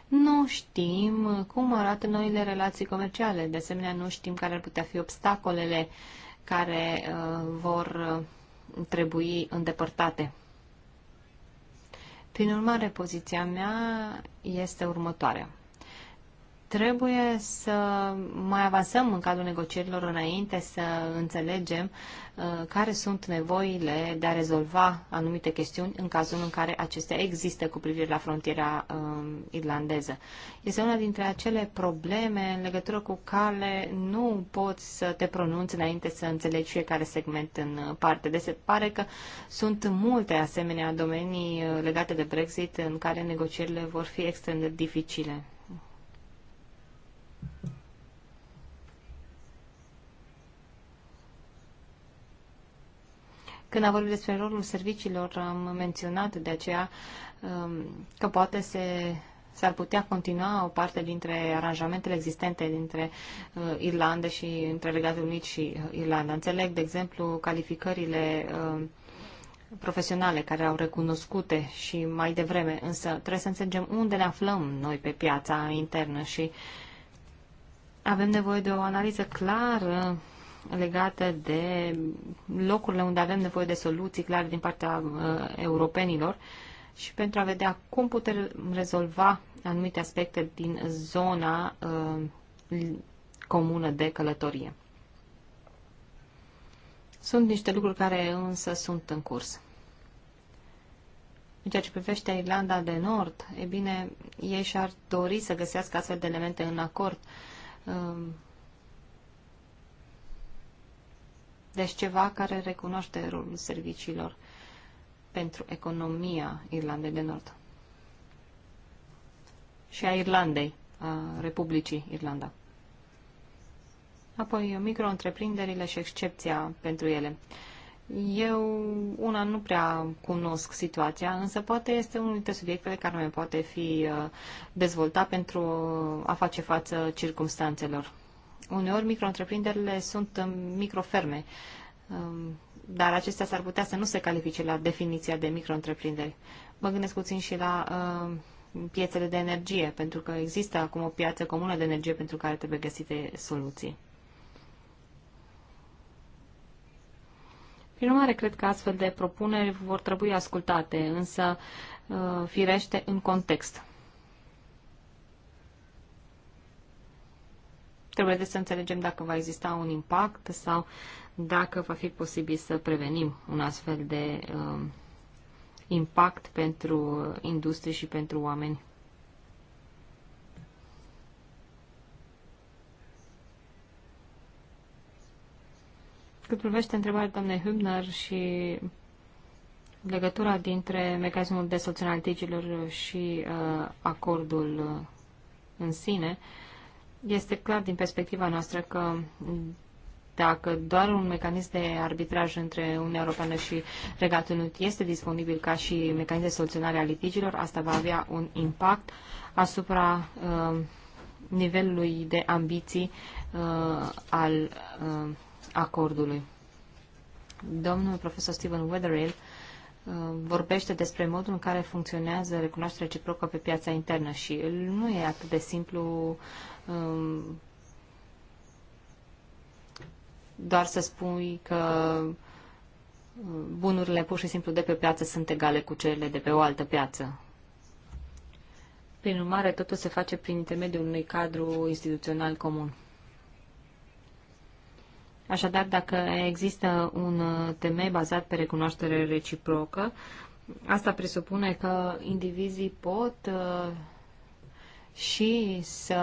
C: nu știm cum arată noile relații comerciale. De asemenea, nu știm care ar putea fi obstacolele care uh, vor uh, trebui îndepărtate. Prin urmare, poziția mea este următoarea. Trebuie să mai avansăm în cadrul negocierilor înainte să înțelegem uh, care sunt nevoile de a rezolva anumite chestiuni în cazul în care acestea există cu privire la frontiera um, irlandeză. Este una dintre acele probleme în legătură cu care nu poți să te pronunți înainte să înțelegi fiecare segment în parte. Deci se pare că sunt multe asemenea domenii uh, legate de Brexit în care negocierile vor fi extrem de dificile. Când am vorbit despre rolul serviciilor, am menționat de aceea um, că poate se s-ar putea continua o parte dintre aranjamentele existente dintre uh, Irlanda și între Regatul Unit și uh, Irlanda. Înțeleg, de exemplu, calificările uh, profesionale care au recunoscute și mai devreme, însă trebuie să înțelegem unde ne aflăm noi pe piața internă și avem nevoie de o analiză clară legată de locurile unde avem nevoie de soluții clare din partea uh, europenilor și pentru a vedea cum putem rezolva anumite aspecte din zona uh, comună de călătorie. Sunt niște lucruri care însă sunt în curs. În ceea ce privește Irlanda de Nord, e bine, ei și-ar dori să găsească astfel de elemente în acord. Uh, Deci ceva care recunoaște rolul serviciilor pentru economia Irlandei de Nord și a Irlandei, a Republicii Irlanda. Apoi micro-întreprinderile și excepția pentru ele. Eu una nu prea cunosc situația, însă poate este unul dintre subiectele care mai poate fi uh, dezvoltat pentru a face față circumstanțelor. Uneori micro-întreprinderile sunt um, microferme, um, dar acestea s-ar putea să nu se califice la definiția de micro-întreprinderi. Mă gândesc puțin și la um, piețele de energie, pentru că există acum o piață comună de energie pentru care trebuie găsite soluții. Prin urmare, cred că astfel de propuneri vor trebui ascultate, însă uh, firește în context. Trebuie de să înțelegem dacă va exista un impact sau dacă va fi posibil să prevenim un astfel de uh, impact pentru industrie și pentru oameni. Cât privește întrebarea doamnei Hübner și legătura dintre mecanismul de soluționare litigilor și uh, acordul uh, în sine, uh, este clar din perspectiva noastră că dacă doar un mecanism de arbitraj între Uniunea Europeană și Regatul Unit este disponibil ca și mecanism de soluționare a litigilor, asta va avea un impact asupra uh, nivelului de ambiții uh, al uh, acordului. Domnul profesor Stephen Weatherill uh, vorbește despre modul în care funcționează recunoașterea reciprocă pe piața internă și nu e atât de simplu uh, Um, doar să spui că uh, bunurile pur și simplu de pe piață sunt egale cu cele de pe o altă piață. Prin urmare, totul se face prin intermediul unui cadru instituțional comun. Așadar, dacă există un uh, temei bazat pe recunoaștere reciprocă, asta presupune că indivizii pot uh, și să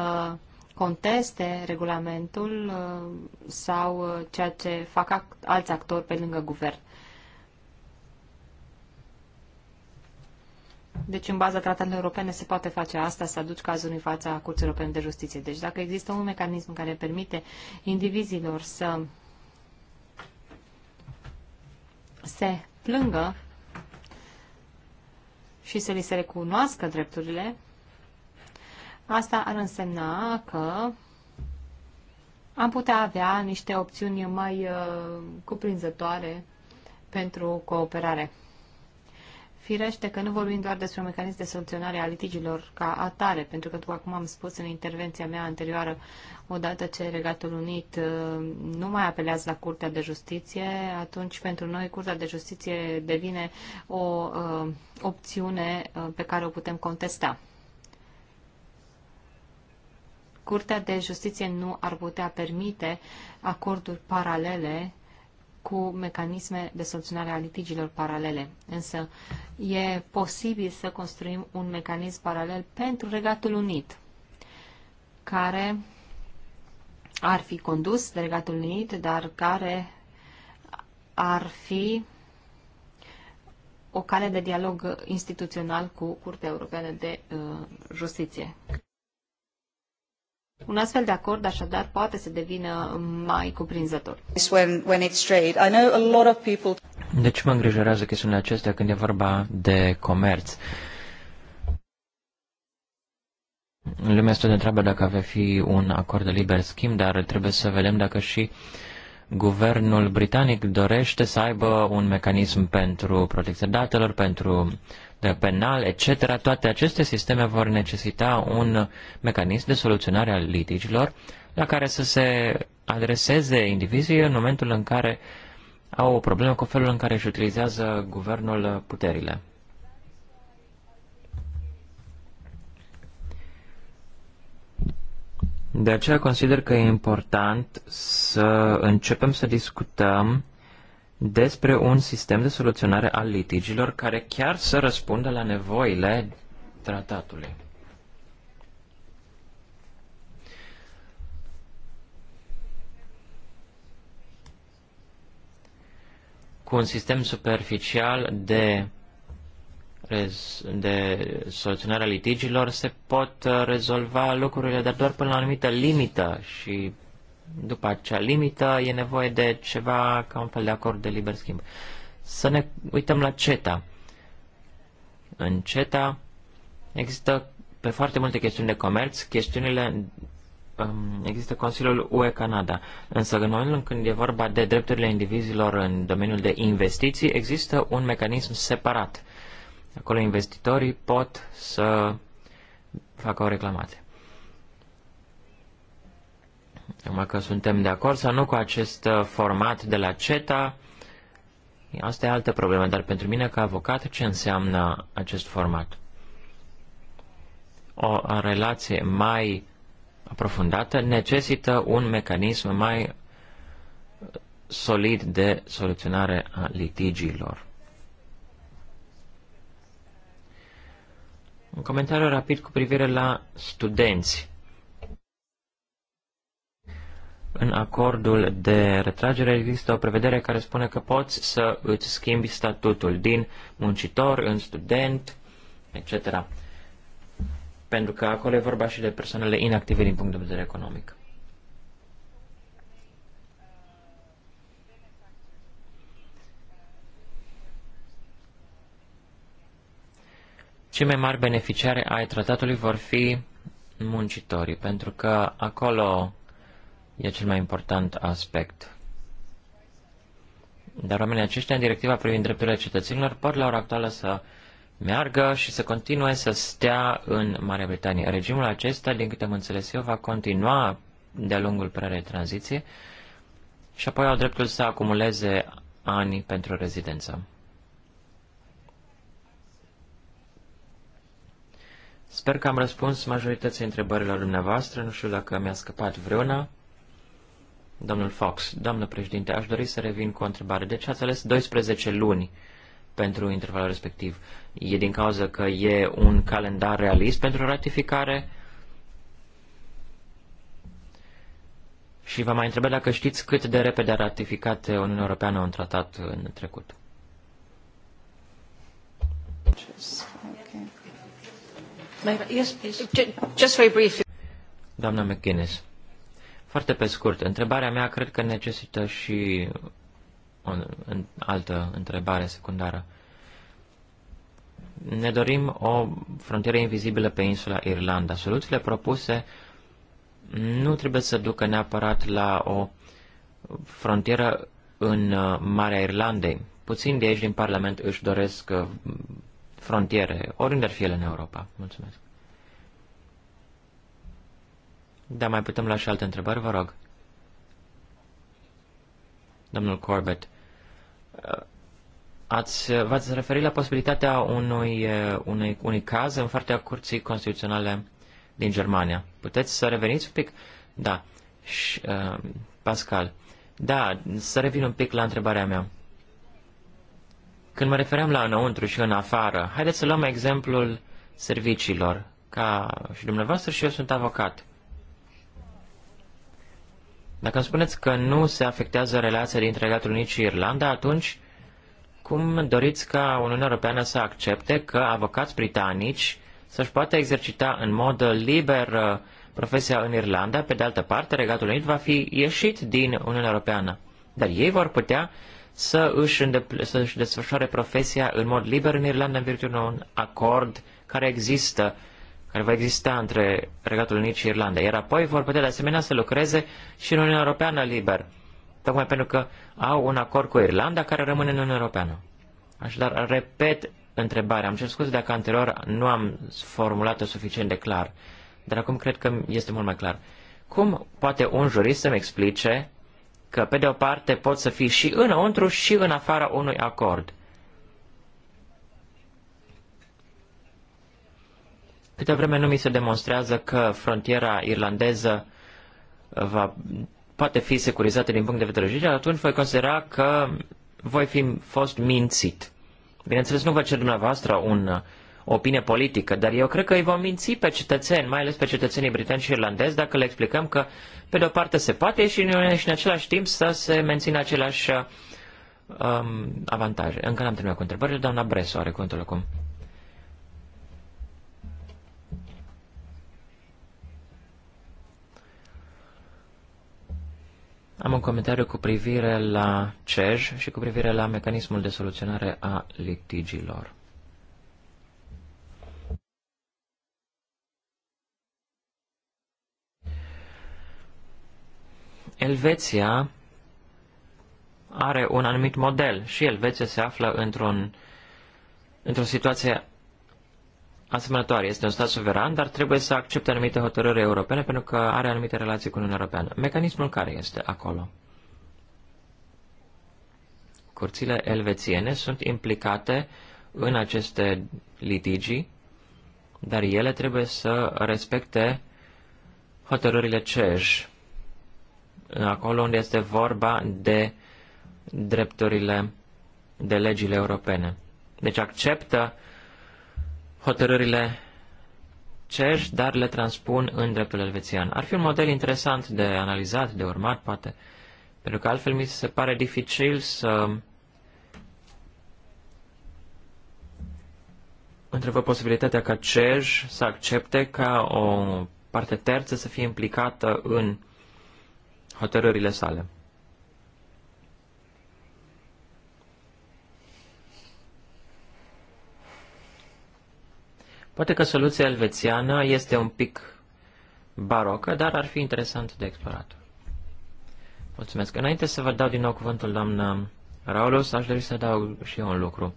C: conteste regulamentul uh, sau uh, ceea ce fac alți actori pe lângă guvern. Deci, în baza tratatelor europene se poate face asta, să aduci cazul în fața Curții Europene de Justiție. Deci, dacă există un mecanism care permite indivizilor să se plângă și să li se recunoască drepturile, Asta ar însemna că am putea avea niște opțiuni mai uh, cuprinzătoare pentru cooperare. Firește că nu vorbim doar despre un mecanism de soluționare a litigilor ca atare, pentru că, după cum am spus în intervenția mea anterioară, odată ce Regatul Unit uh, nu mai apelează la Curtea de Justiție, atunci pentru noi Curtea de Justiție devine o uh, opțiune uh, pe care o putem contesta. Curtea de Justiție nu ar putea permite acorduri paralele cu mecanisme de soluționare a litigiilor paralele. Însă e posibil să construim un mecanism paralel pentru Regatul Unit, care ar fi condus de Regatul Unit, dar care ar fi o cale de dialog instituțional cu Curtea Europeană de uh, Justiție. Un astfel de acord, așadar, poate să devină mai cuprinzător. De ce
B: deci mă îngrijorează chestiunile acestea când e vorba de comerț? Lumea de întreabă dacă va fi un acord de liber schimb, dar trebuie să vedem dacă și guvernul britanic dorește să aibă un mecanism pentru protecția datelor, pentru penal, etc., toate aceste sisteme vor necesita un mecanism de soluționare a litigilor la care să se adreseze indivizii în momentul în care au o problemă cu felul în care își utilizează guvernul puterile. De aceea consider că e important să începem să discutăm despre un sistem de soluționare al litigilor care chiar să răspundă la nevoile tratatului. Cu un sistem superficial de, de soluționare a litigilor se pot uh, rezolva lucrurile, dar doar până la o anumită limită și după acea limită e nevoie de ceva ca un fel de acord de liber schimb. Să ne uităm la CETA. În CETA există pe foarte multe chestiuni de comerț, chestiunile um, există Consiliul UE-Canada, însă în momentul când e vorba de drepturile indivizilor în domeniul de investiții, există un mecanism separat. Acolo investitorii pot să facă o reclamație. Acum că suntem de acord sau nu cu acest uh, format de la CETA, asta e altă problemă, dar pentru mine ca avocat ce înseamnă acest format? O relație mai aprofundată necesită un mecanism mai solid de soluționare a litigiilor. Un comentariu rapid cu privire la studenți. În acordul de retragere există o prevedere care spune că poți să îți schimbi statutul din muncitor în student, etc. Pentru că acolo e vorba și de persoanele inactive din punct de vedere economic. Cei mai mari beneficiare ai tratatului vor fi muncitorii, pentru că acolo e cel mai important aspect. Dar oamenii aceștia, în directiva privind drepturile cetățenilor, par la ora actuală să meargă și să continue să stea în Marea Britanie. Regimul acesta, din câte am înțeles eu, va continua de-a lungul perioadei tranziție și apoi au dreptul să acumuleze ani pentru rezidență. Sper că am răspuns majoritatea întrebărilor dumneavoastră, nu știu dacă mi-a scăpat vreuna. Domnul Fox, doamnă președinte, aș dori să revin cu o întrebare. De deci ce ați ales 12 luni pentru intervalul respectiv? E din cauza că e un calendar realist pentru ratificare? Și vă mai întreb dacă știți cât de repede a ratificat Uniunea Europeană un tratat în trecut. Just very brief. Doamna McGuinness. Foarte pe scurt, întrebarea mea cred că necesită și o altă întrebare secundară. Ne dorim o frontieră invizibilă pe insula Irlanda. Soluțiile propuse nu trebuie să ducă neapărat la o frontieră în uh, Marea Irlandei. Puțin de aici din Parlament își doresc uh, frontiere, oriunde ar fi ele în Europa. Mulțumesc. Da, mai putem lua și alte întrebări, vă rog. Domnul Corbett, uh, ați, v-ați referit la posibilitatea unui, uh, unui, unui caz în partea Curții Constituționale din Germania. Puteți să reveniți un pic? Da. Și, uh, Pascal, da, să revin un pic la întrebarea mea. Când mă refeream la înăuntru și în afară, haideți să luăm exemplul serviciilor, ca și dumneavoastră și eu sunt avocat. Dacă îmi spuneți că nu se afectează relația dintre Regatul Unit și Irlanda, atunci cum doriți ca Uniunea Europeană să accepte că avocați britanici să-și poată exercita în mod liber uh, profesia în Irlanda, pe de altă parte, Regatul Unit va fi ieșit din Uniunea Europeană. Dar ei vor putea să își, să își desfășoare profesia în mod liber în Irlanda în virtutul unui acord care există care va exista între Regatul Unit și Irlanda, iar apoi vor putea de asemenea să lucreze și în Uniunea Europeană liber, tocmai pentru că au un acord cu Irlanda care rămâne în Uniunea Europeană. Așadar, repet întrebarea, am cer scuze dacă anterior nu am formulat-o suficient de clar, dar acum cred că este mult mai clar. Cum poate un jurist să-mi explice că, pe de o parte, pot să fii și înăuntru și în afara unui acord? Câte vreme nu mi se demonstrează că frontiera irlandeză va, poate fi securizată din punct de vedere juridic, atunci voi considera că voi fi fost mințit. Bineînțeles, nu vă cer dumneavoastră un, o opinie politică, dar eu cred că îi vom minți pe cetățeni, mai ales pe cetățenii britanici și irlandezi, dacă le explicăm că, pe de o parte, se poate și, și în același timp să se mențină același um, avantaje. Încă n-am terminat cu întrebările, doamna Bresu are cuvântul acum. Am un comentariu cu privire la CEJ și cu privire la mecanismul de soluționare a litigilor. Elveția are un anumit model și Elveția se află într-un, într-o situație asemănătoare. Este un stat suveran, dar trebuie să accepte anumite hotărâri europene pentru că are anumite relații cu Uniunea Europeană. Mecanismul care este acolo? Curțile elvețiene sunt implicate în aceste litigii, dar ele trebuie să respecte hotărârile CEJ, acolo unde este vorba de drepturile, de legile europene. Deci acceptă uh, hotărârile cești, dar le transpun în dreptul elvețian. Ar fi un model interesant de analizat, de urmat, poate, pentru că altfel mi se pare dificil să întrevăd posibilitatea ca CEJ să accepte ca o parte terță să fie implicată în hotărârile sale. Poate că soluția elvețiană este un pic barocă, dar ar fi interesant de explorat. Mulțumesc. Înainte să vă dau din nou cuvântul, doamnă Raulus, aș dori să dau și eu un lucru.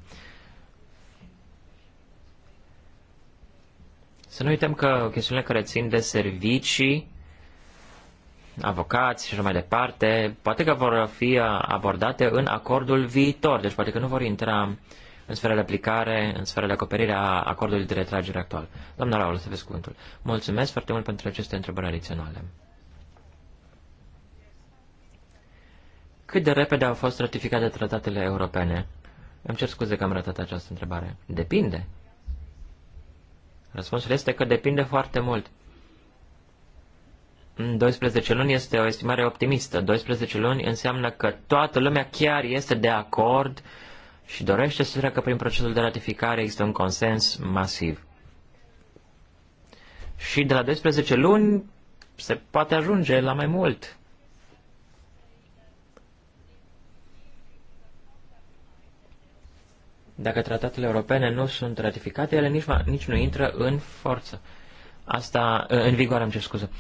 B: Să nu uităm că chestiunile care țin de servicii, avocați și așa mai departe, poate că vor fi abordate în acordul viitor, deci poate că nu vor intra în sfera de aplicare, în sfera de acoperire a acordului de retragere actual. Doamna Raul, să vezi cuvântul. Mulțumesc foarte mult pentru aceste întrebări adiționale. Cât de repede au fost ratificate tratatele europene? Îmi cer scuze că am ratat această întrebare. Depinde. Răspunsul este că depinde foarte mult. 12 luni este o estimare optimistă. 12 luni înseamnă că toată lumea chiar este de acord uh, și dorește să treacă prin procesul de ratificare, există un consens masiv. Și de la 12 luni se poate ajunge la mai mult. Dacă tratatele europene nu sunt ratificate, ele nici, nici nu intră în forță. Asta, în vigoare, am ce scuză.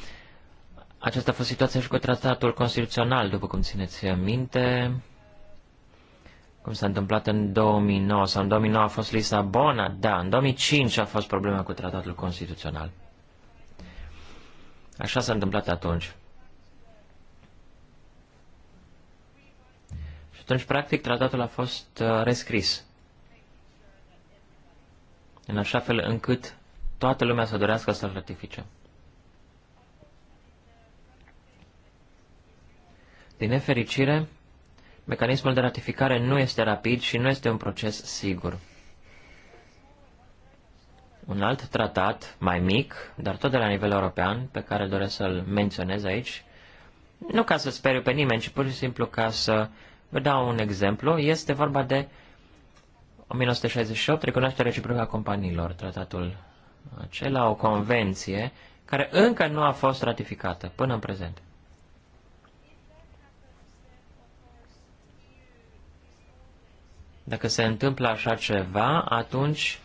B: Aceasta a fost situația și cu tratatul constituțional, după cum țineți minte cum s-a întâmplat în 2009, sau în 2009 a fost Lisabona, da, în 2005 a fost problema cu tratatul constituțional. Așa s-a întâmplat atunci. Și atunci, practic, tratatul a fost uh, rescris. În așa fel încât toată lumea să dorească să-l ratifice. Din nefericire, Mecanismul de ratificare nu este rapid și nu este un proces sigur. Un alt tratat, mai mic, dar tot de la nivel european, pe care doresc să-l menționez aici, nu ca să speriu pe nimeni, ci pur și simplu ca să vă dau un exemplu, este vorba de 1968, recunoașterea reciprocă a companiilor, tratatul acela, o convenție care încă nu a fost ratificată până în prezent. Dacă se întâmplă așa ceva, atunci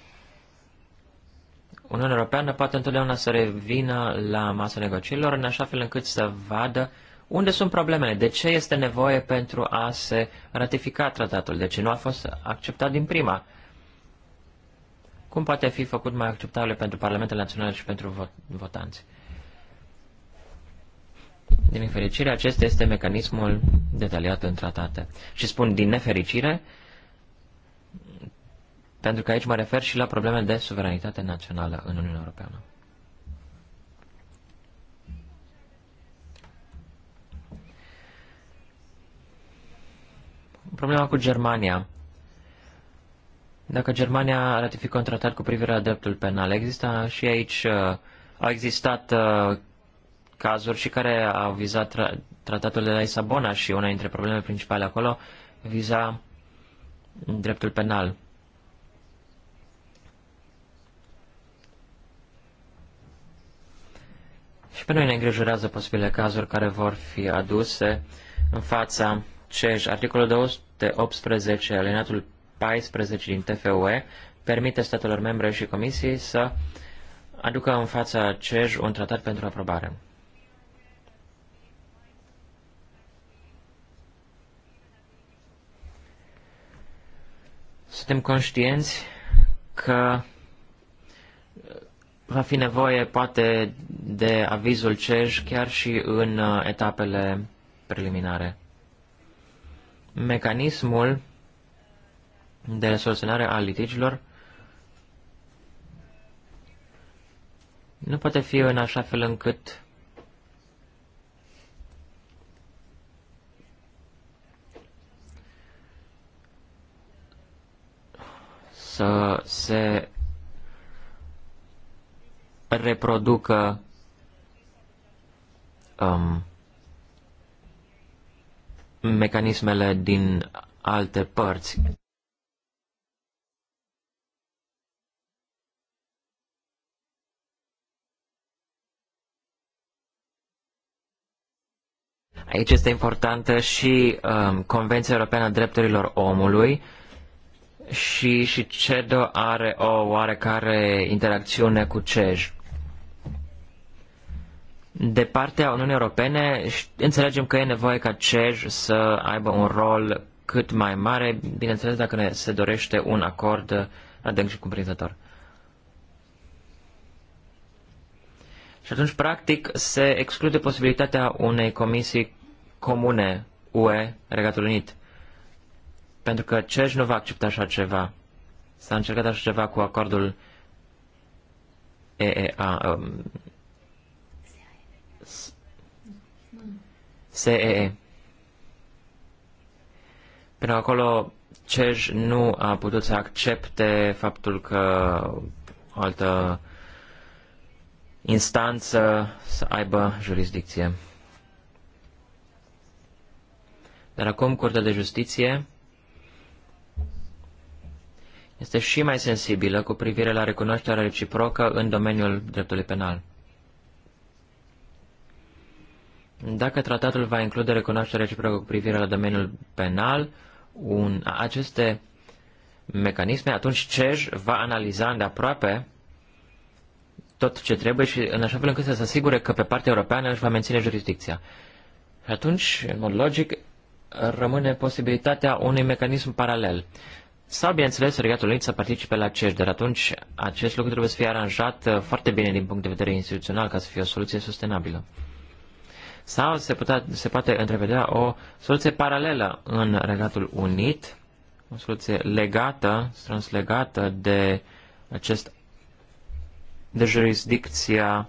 B: Uniunea Europeană poate întotdeauna să revină la masa negocierilor în așa fel încât să vadă unde sunt problemele, de ce este nevoie pentru a se ratifica tratatul, de ce nu a fost acceptat din prima, cum poate fi făcut mai acceptabil pentru Parlamentele Naționale și pentru vot votanți. Din nefericire, acesta este mecanismul detaliat în tratate. Și spun din nefericire, pentru că aici mă refer și la probleme de suveranitate națională în Uniunea Europeană. Problema cu Germania. Dacă Germania ratifică un tratat cu privire la dreptul penal, există și aici uh, au existat uh, cazuri și care au vizat tra tratatul de la Isabona și una dintre problemele principale acolo viza dreptul penal. Și pe noi ne îngrijorează posibile cazuri care vor fi aduse în fața CEJ. Articolul 218, alineatul 14 din TFUE, permite statelor membre și comisiei să aducă în fața CEJ un tratat pentru aprobare. Suntem conștienți că va fi nevoie poate de avizul CEJ chiar și în uh, etapele preliminare. Mecanismul de soluționare a litigilor nu poate fi în așa fel încât să se reproducă um, mecanismele din alte părți. Aici este importantă și um, Convenția Europeană a Drepturilor Omului și, și CEDO are o oarecare interacțiune cu CEJ de partea Uniunii Europene înțelegem că e nevoie ca CEJ să aibă un rol cât mai mare, bineînțeles dacă ne se dorește un acord adânc și cuprinzător. Și atunci, practic, se exclude posibilitatea unei comisii comune UE, Regatul Unit. Pentru că CEJ nu va accepta așa ceva. S-a încercat așa ceva cu acordul EEA, um, CEE. Până acolo, CEJ nu a putut să accepte faptul că o altă instanță să aibă jurisdicție. Dar acum Curtea de Justiție este și mai sensibilă cu privire la recunoașterea reciprocă în domeniul dreptului penal. Dacă tratatul va include recunoașterea reciprocă cu privire la domeniul penal, un, aceste mecanisme, atunci CEJ va analiza îndeaproape tot ce trebuie și în așa fel încât să se asigure că pe partea europeană își va menține jurisdicția. Și atunci, în mod logic, rămâne posibilitatea unui mecanism paralel. Sau, bineînțeles, Regatul Unit să participe la CEJ, dar atunci acest lucru trebuie să fie aranjat uh, foarte bine din punct de vedere instituțional ca să fie o soluție sustenabilă sau se, putea, se poate întrevedea o soluție paralelă în Regatul Unit, o soluție legată, strâns legată de acest de jurisdicția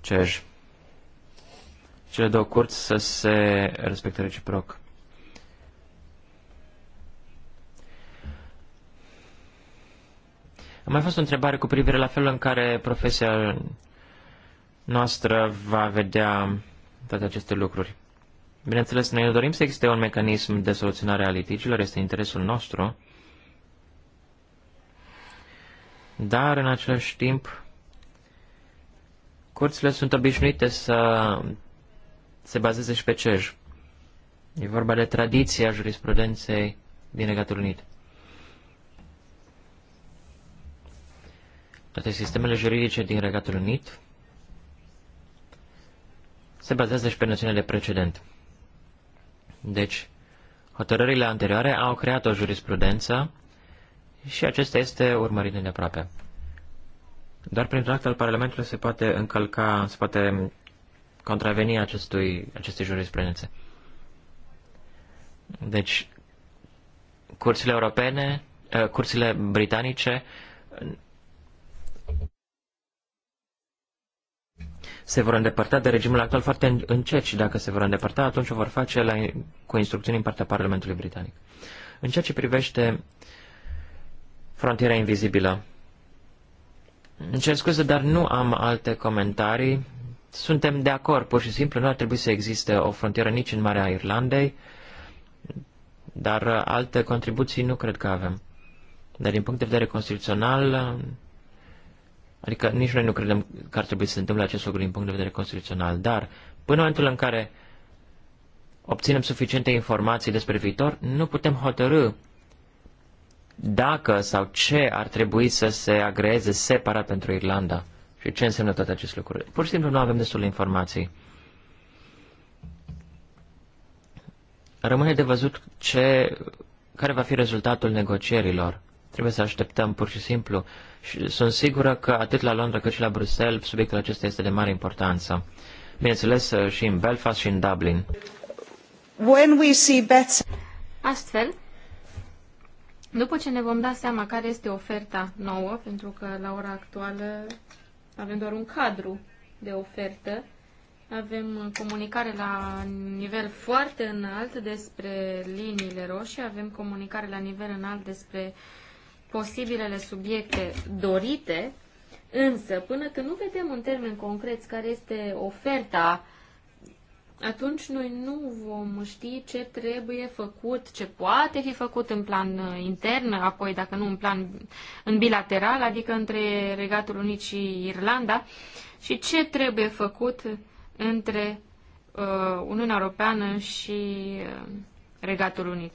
B: CEJ. Cele două curți să se respecte reciproc. A mai fost o întrebare cu privire la felul în care profesia noastră va vedea toate aceste lucruri. Bineînțeles, noi dorim să existe un mecanism de soluționare a litigiilor, este interesul nostru, dar în același timp curțile sunt obișnuite să se bazeze și pe cej. E vorba de tradiția jurisprudenței din Regatul Unit. Toate sistemele juridice din Regatul Unit se bazează și pe noțiunile precedente. Deci, hotărârile anterioare au creat o jurisprudență și acesta este urmărit de aproape. Doar prin act al Parlamentului se poate încălca, se poate contraveni acestui, acestei jurisprudențe. Deci, curțile europene, eh, curțile britanice se vor îndepărta de regimul actual foarte încet și dacă se vor îndepărta, atunci o vor face la, cu instrucțiuni în partea Parlamentului Britanic. În ceea ce privește frontiera invizibilă, îmi cer scuze, dar nu am alte comentarii. Suntem de acord, pur și simplu, nu ar trebui să existe o frontieră nici în Marea Irlandei, dar alte contribuții nu cred că avem. Dar din punct de vedere constituțional, Adică nici noi nu credem că ar trebui să se întâmple acest lucru din punct de vedere constituțional, dar până în momentul în care obținem suficiente informații despre viitor, nu putem hotărâ dacă sau ce ar trebui să se agreeze separat pentru Irlanda și ce înseamnă toate aceste lucruri. Pur și simplu nu avem destul de informații. Rămâne de văzut ce, care va fi rezultatul negocierilor. Trebuie să așteptăm pur și simplu. Și sunt sigură că atât la Londra cât și la Bruxelles subiectul acesta este de mare importanță. Bineînțeles uh, și în Belfast și în Dublin.
A: When we see better... Astfel, după ce ne vom da seama care este oferta nouă, pentru că la ora actuală avem doar un cadru de ofertă, avem comunicare la nivel foarte înalt despre liniile roșii, avem comunicare la nivel înalt despre posibilele subiecte dorite, însă până când nu vedem în termeni concreți care este oferta, atunci noi nu vom ști ce trebuie făcut, ce poate fi făcut în plan uh, intern, apoi dacă nu în plan în bilateral, adică între Regatul Unit și Irlanda, și ce trebuie făcut între uh, Uniunea Europeană și uh, Regatul Unit.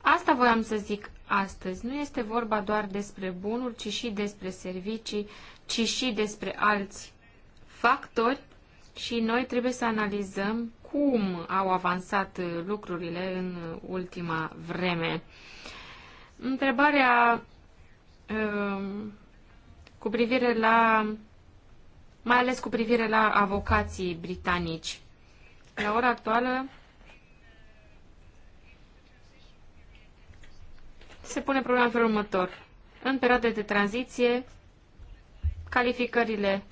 A: Asta voiam să zic astăzi. Nu este vorba doar despre bunuri, ci și despre servicii, ci și despre alți factori și noi trebuie să analizăm cum au avansat lucrurile în ultima vreme. Întrebarea um, cu privire la, mai ales cu privire la avocații britanici. La ora actuală se pune problema în felul următor. În perioada de tranziție, calificările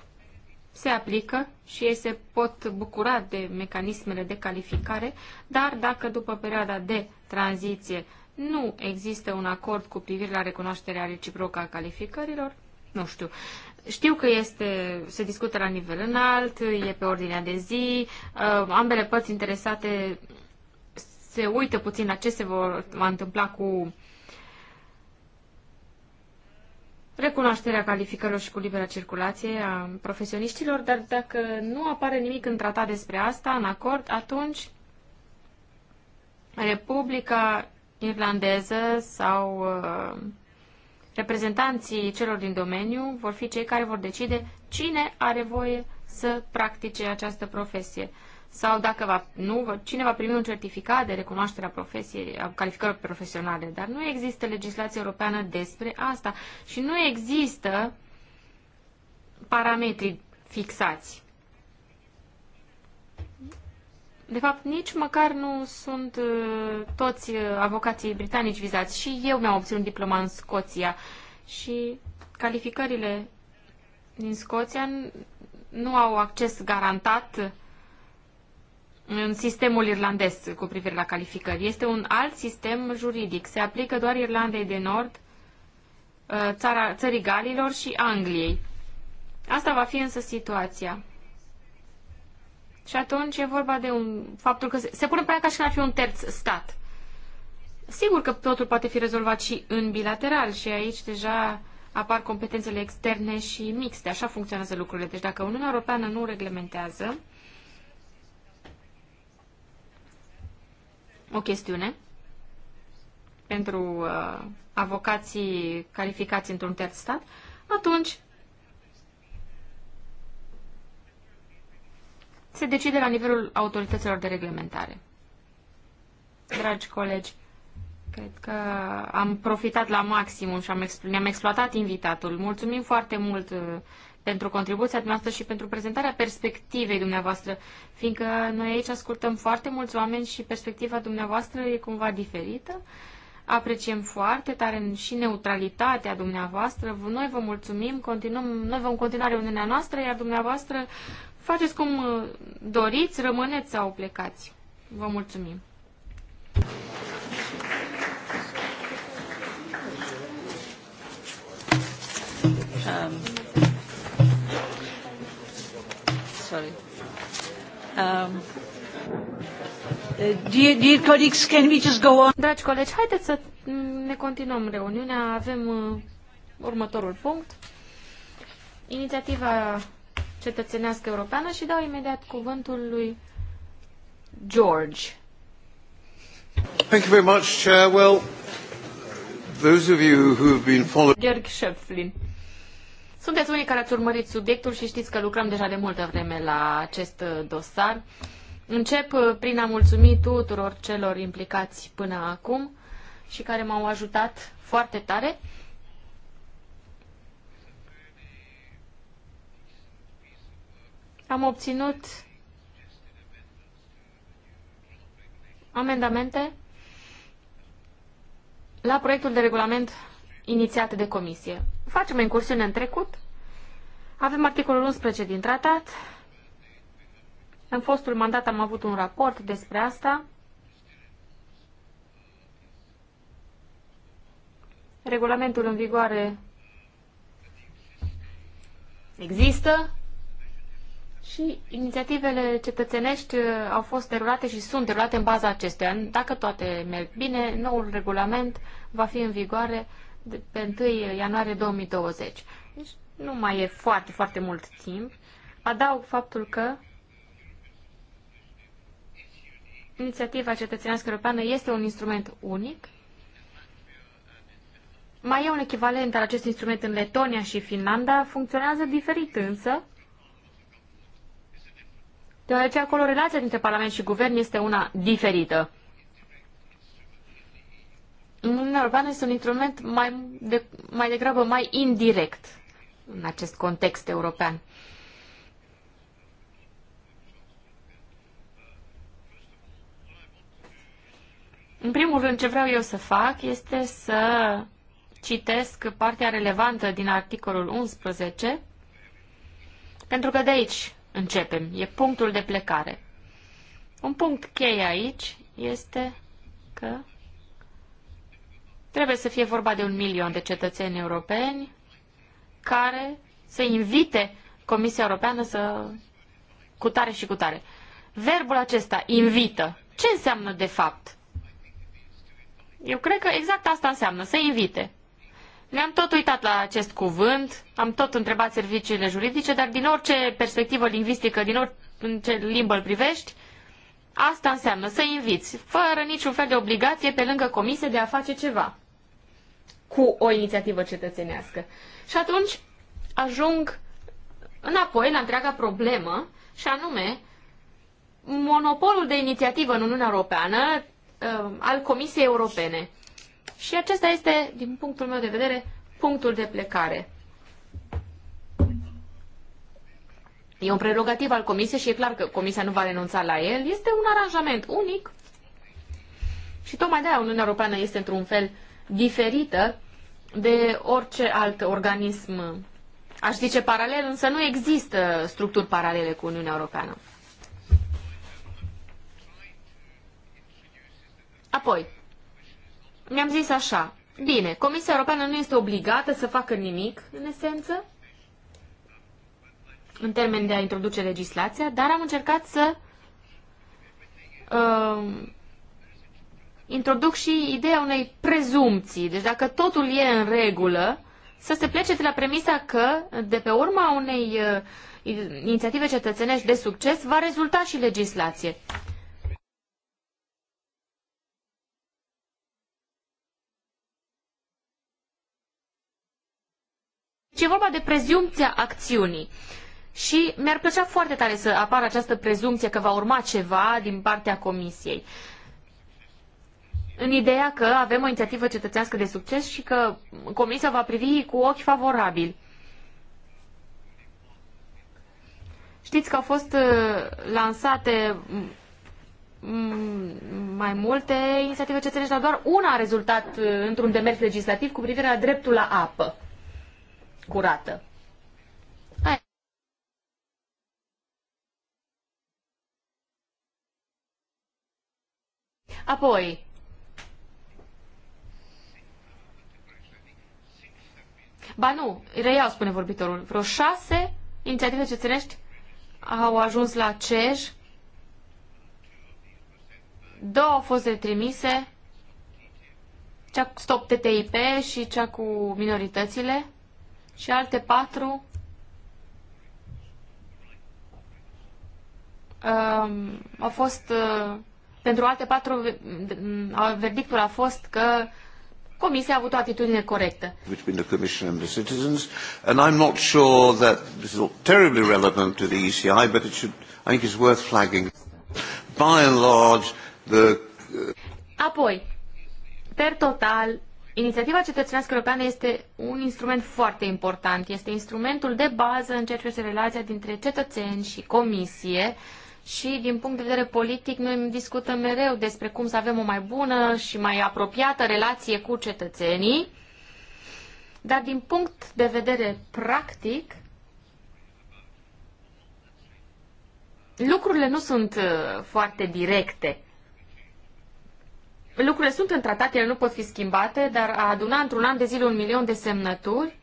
A: se aplică și ei se pot bucura de mecanismele de calificare, dar dacă după perioada de tranziție nu există un acord cu privire la recunoașterea reciprocă a calificărilor, nu știu. Știu că este, se discută la nivel înalt, e pe ordinea de zi, uh, ambele părți interesate se uită puțin la ce se vor, va întâmpla cu recunoașterea calificărilor și cu libera circulație a profesioniștilor, dar dacă nu apare nimic în tratat despre asta, în acord, atunci Republica Irlandeză sau uh, reprezentanții celor din domeniu vor fi cei care vor decide cine are voie să practice această profesie sau dacă va, nu, cine va primi un certificat de recunoaștere a, profesiei, a calificărilor profesionale. Dar nu există legislație europeană despre asta și nu există parametri fixați. De fapt, nici măcar nu sunt uh, toți uh, avocații britanici vizați. Și eu mi-am obținut diploma în Scoția și calificările din Scoția nu au acces garantat în sistemul irlandez cu privire la calificări. Este un alt sistem juridic. Se aplică doar Irlandei de Nord, uh, țara, țării Galilor și Angliei. Asta va fi însă situația. Și atunci e vorba de un faptul că se, se pune prea ca și când ar fi un terț stat. Sigur că totul poate fi rezolvat și în bilateral și aici deja apar competențele externe și mixte. Așa funcționează lucrurile. Deci dacă Uniunea Europeană nu reglementează, o chestiune pentru uh, avocații calificați într-un terț stat, atunci se decide la nivelul autorităților de reglementare. Dragi colegi, cred că am profitat la maximum și am ne-am exploatat invitatul. Mulțumim foarte mult uh, pentru contribuția dumneavoastră și pentru prezentarea perspectivei dumneavoastră, fiindcă noi aici ascultăm foarte mulți oameni și perspectiva dumneavoastră e cumva diferită. Apreciem foarte tare și neutralitatea dumneavoastră. Noi vă mulțumim, continuăm, noi vom continua reuniunea noastră, iar dumneavoastră faceți cum uh, doriți, rămâneți sau plecați. Vă mulțumim! Um, sorry.
B: Um, uh, dear, dear colleagues, can we just
A: go on? Dragi colegi, haideți să ne continuăm reuniunea. Avem uh, următorul punct. Inițiativa cetățenească europeană și dau imediat cuvântul lui George. Thank
C: you very much, Chair. Well, those of you who have been following...
A: George Schöpflin. Sunteți unii care ați urmărit subiectul și știți că lucrăm deja de multă vreme la acest uh, dosar. Încep uh, prin a mulțumi tuturor celor implicați până acum și care m-au ajutat foarte tare. Am obținut amendamente la proiectul de regulament inițiat de comisie facem o incursiune în trecut. Avem articolul 11 din tratat. În fostul mandat am avut un raport despre asta. Regulamentul în vigoare există și inițiativele cetățenești uh, au fost derulate și sunt derulate în baza acestuia. Dacă toate merg bine, noul regulament va fi în vigoare de, pe 1 ianuarie 2020. Deci nu mai e foarte, foarte mult timp. Adaug faptul că inițiativa cetățenească europeană este un instrument unic. Mai e un echivalent al acest instrument în Letonia și Finlanda, funcționează diferit însă, deoarece acolo relația dintre Parlament și Guvern este una diferită. Uniunea Europeană este un instrument mai, de, mai degrabă mai indirect în acest context european. În primul rând, ce vreau eu să fac este să citesc partea relevantă din articolul 11, pentru că de aici începem, e punctul de plecare. Un punct cheie aici este că Trebuie să fie vorba de un milion de cetățeni europeni care să invite Comisia Europeană să cu tare și cu tare. Verbul acesta, invită, ce înseamnă de fapt? Eu cred că exact asta înseamnă, să invite. Ne-am tot uitat la acest cuvânt, am tot întrebat serviciile juridice, dar din orice perspectivă lingvistică, din orice limbă îl privești, Asta înseamnă să inviți, fără niciun fel de obligație pe lângă comisie de a face ceva cu o inițiativă cetățenească. Și atunci ajung înapoi la întreaga problemă și anume monopolul de inițiativă în Uniunea Europeană uh, al Comisiei Europene. Și acesta este, din punctul meu de vedere, punctul de plecare. E un prerogativ al Comisiei și e clar că Comisia nu va renunța la el. Este un aranjament unic și tocmai de-aia Uniunea Europeană este într-un fel diferită de orice alt organism, aș zice paralel, însă nu există structuri paralele cu Uniunea Europeană. Apoi, mi-am zis așa, bine, Comisia Europeană nu este obligată să facă nimic, în esență, în termen de a introduce legislația, dar am încercat să uh, introduc și ideea unei prezumții. Deci dacă totul e în regulă, să se plece de la premisa că, de pe urma unei uh, inițiative cetățenești de succes, va rezulta și legislație. Deci e vorba de prezumția acțiunii și mi-ar plăcea foarte tare să apară această prezumție că va urma ceva din partea Comisiei. În ideea că avem o inițiativă cetățească de succes și că Comisia va privi cu ochi favorabili. Știți că au fost uh, lansate mai multe inițiative cetățenești, dar doar una a rezultat uh, într-un demers legislativ cu privire la dreptul la apă curată. Apoi, Ba nu, reiau, spune vorbitorul. Vreo șase inițiative cetățenești au ajuns la CEJ. Două au fost retrimise. Cea cu Stop TTIP și cea cu minoritățile. Și alte patru um, au fost uh, pentru alte patru, verdictul a fost că Comisia a avut o atitudine corectă.
C: Between the Commission and the citizens, and I'm not sure that this is terribly relevant to the ECI, but it should, I think it's worth flagging. By and large, the... Uh,
A: Apoi, per total, Inițiativa cetățenească europeană este un instrument foarte important. Este instrumentul de bază în ceea ce privește relația dintre cetățeni și comisie și din punct de vedere politic noi discutăm mereu despre cum să avem o mai bună și mai apropiată relație cu cetățenii, dar din punct de vedere practic, lucrurile nu sunt uh, foarte directe. Lucrurile sunt în tratat, ele nu pot fi schimbate, dar a aduna într-un an de zile un milion de semnături,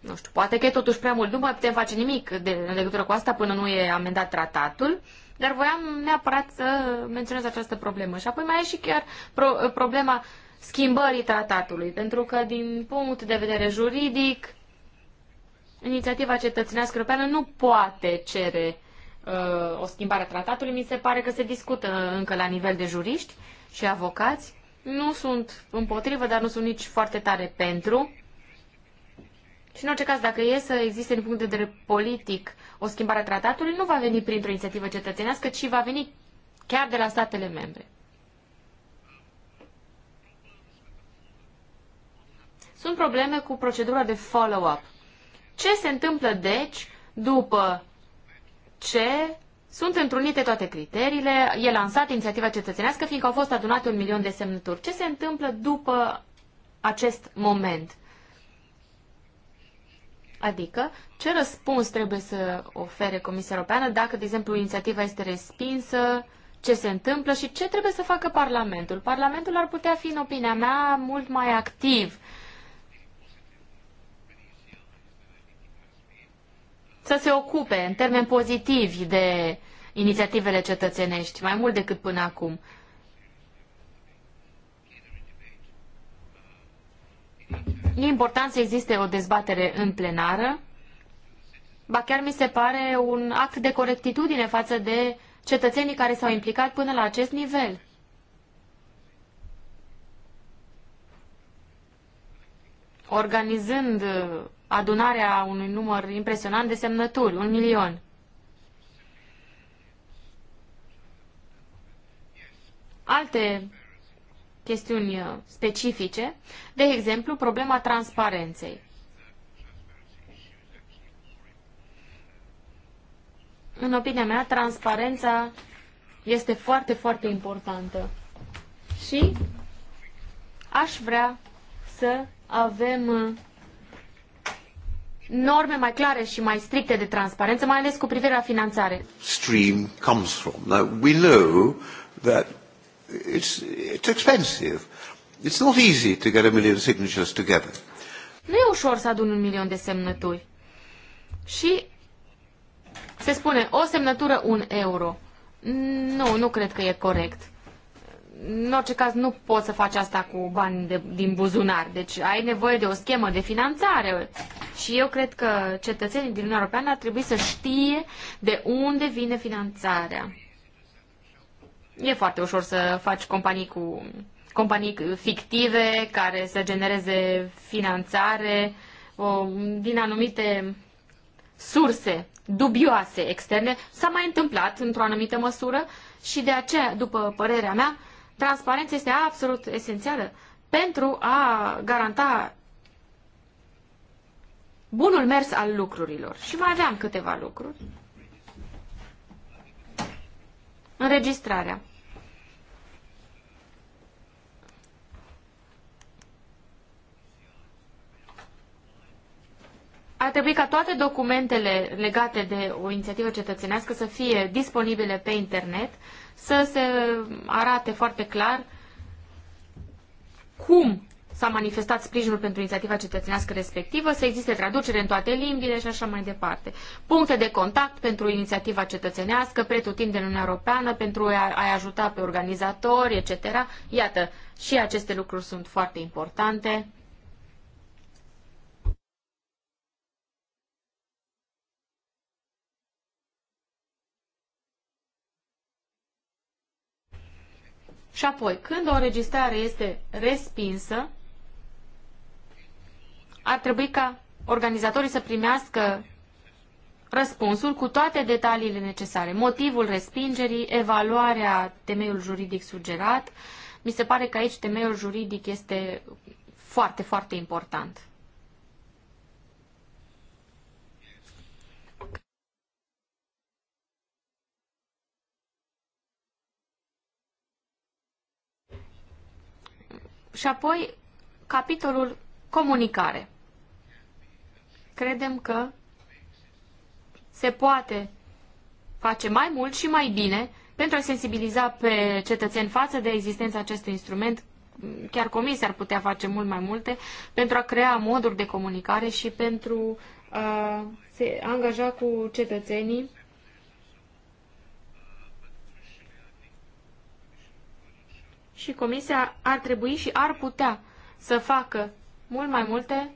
A: nu știu, poate că e totuși prea mult, nu mai putem face nimic de, în legătură cu asta până nu e amendat tratatul. Dar voiam neapărat să menționez această problemă. Și apoi mai e și chiar pro- problema schimbării tratatului, pentru că din punct de vedere juridic, inițiativa cetățenească europeană nu poate cere uh, o schimbare a tratatului. Mi se pare că se discută încă la nivel de juriști și avocați. Nu sunt împotrivă, dar nu sunt nici foarte tare pentru. Și în orice caz, dacă e să existe din punct de vedere politic o schimbare a tratatului, nu va veni printr-o inițiativă cetățenească, ci va veni chiar de la statele membre. Sunt probleme cu procedura de follow-up. Ce se întâmplă, deci, după ce sunt întrunite toate criteriile, e lansată inițiativa cetățenească, fiindcă au fost adunate un milion de semnături. Ce se întâmplă după acest moment? Adică, ce răspuns trebuie să ofere Comisia Europeană dacă, de exemplu, inițiativa este respinsă, ce se întâmplă și ce trebuie să facă Parlamentul. Parlamentul ar putea fi, în opinia mea, mult mai activ. Să se ocupe, în termeni pozitivi, de inițiativele cetățenești, mai mult decât până acum. E important să existe o dezbatere în plenară, ba chiar mi se pare un act de corectitudine față de cetățenii care s-au implicat până la acest nivel. Organizând adunarea unui număr impresionant de semnături, un milion. Alte chestiuni uh, specifice, de exemplu, problema transparenței. În opinia mea, transparența este foarte, foarte importantă. Și aș vrea să avem uh, norme mai clare și mai stricte de transparență, mai ales cu privire la finanțare.
B: Stream
C: comes from. Now, we know that it's, it's expensive.
B: It's not easy to get a million signatures together.
A: Nu e ușor să adun un milion de semnături. Și se spune o semnătură, un euro. Nu, nu cred că e corect. În orice caz, nu poți să faci asta cu bani de, din buzunar. Deci ai nevoie de o schemă de finanțare. Și eu cred că cetățenii din Uniunea Europeană ar trebui să știe de unde vine finanțarea e foarte ușor să faci companii cu companii fictive care să genereze finanțare o, din anumite surse dubioase externe. S-a mai întâmplat într-o anumită măsură și de aceea, după părerea mea, transparența este absolut esențială pentru a garanta bunul mers al lucrurilor. Și mai aveam câteva lucruri. Înregistrarea. ar trebui ca toate documentele legate de o inițiativă cetățenească să fie disponibile pe internet, să se arate foarte clar cum s-a manifestat sprijinul pentru inițiativa cetățenească respectivă, să existe traducere în toate limbile și așa mai departe. Puncte de contact pentru inițiativa cetățenească, pretutindeni în Uniunea Europeană, pentru a-i ajuta pe organizatori, etc. Iată, și aceste lucruri sunt foarte importante. Și apoi, când o înregistrare este respinsă, ar trebui ca organizatorii să primească răspunsul cu toate detaliile necesare. Motivul respingerii, evaluarea temeiul juridic sugerat. Mi se pare că aici temeiul juridic este foarte, foarte important. Și apoi, capitolul comunicare. Credem că se poate face mai mult și mai bine pentru a sensibiliza pe cetățeni față de existența acestui instrument. Chiar comisia ar putea face mult mai multe pentru a crea moduri de comunicare și pentru a se angaja cu cetățenii și Comisia ar trebui și ar putea să facă mult mai multe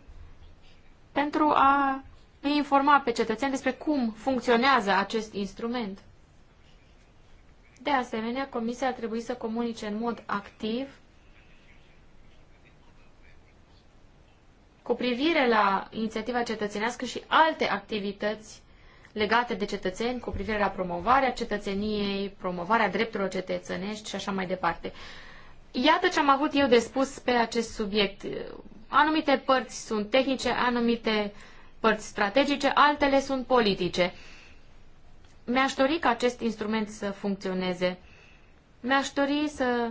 A: pentru a îi informa pe cetățeni despre cum funcționează acest instrument. De asemenea, Comisia ar trebui să comunice în mod activ cu privire la inițiativa cetățenească și alte activități legate de cetățeni, cu privire la promovarea cetățeniei, promovarea drepturilor cetățenești și așa mai departe. Iată ce am avut eu de spus pe acest subiect. Anumite părți sunt tehnice, anumite părți strategice, altele sunt politice. Mi-aș dori ca acest instrument să funcționeze. Mi-aș dori să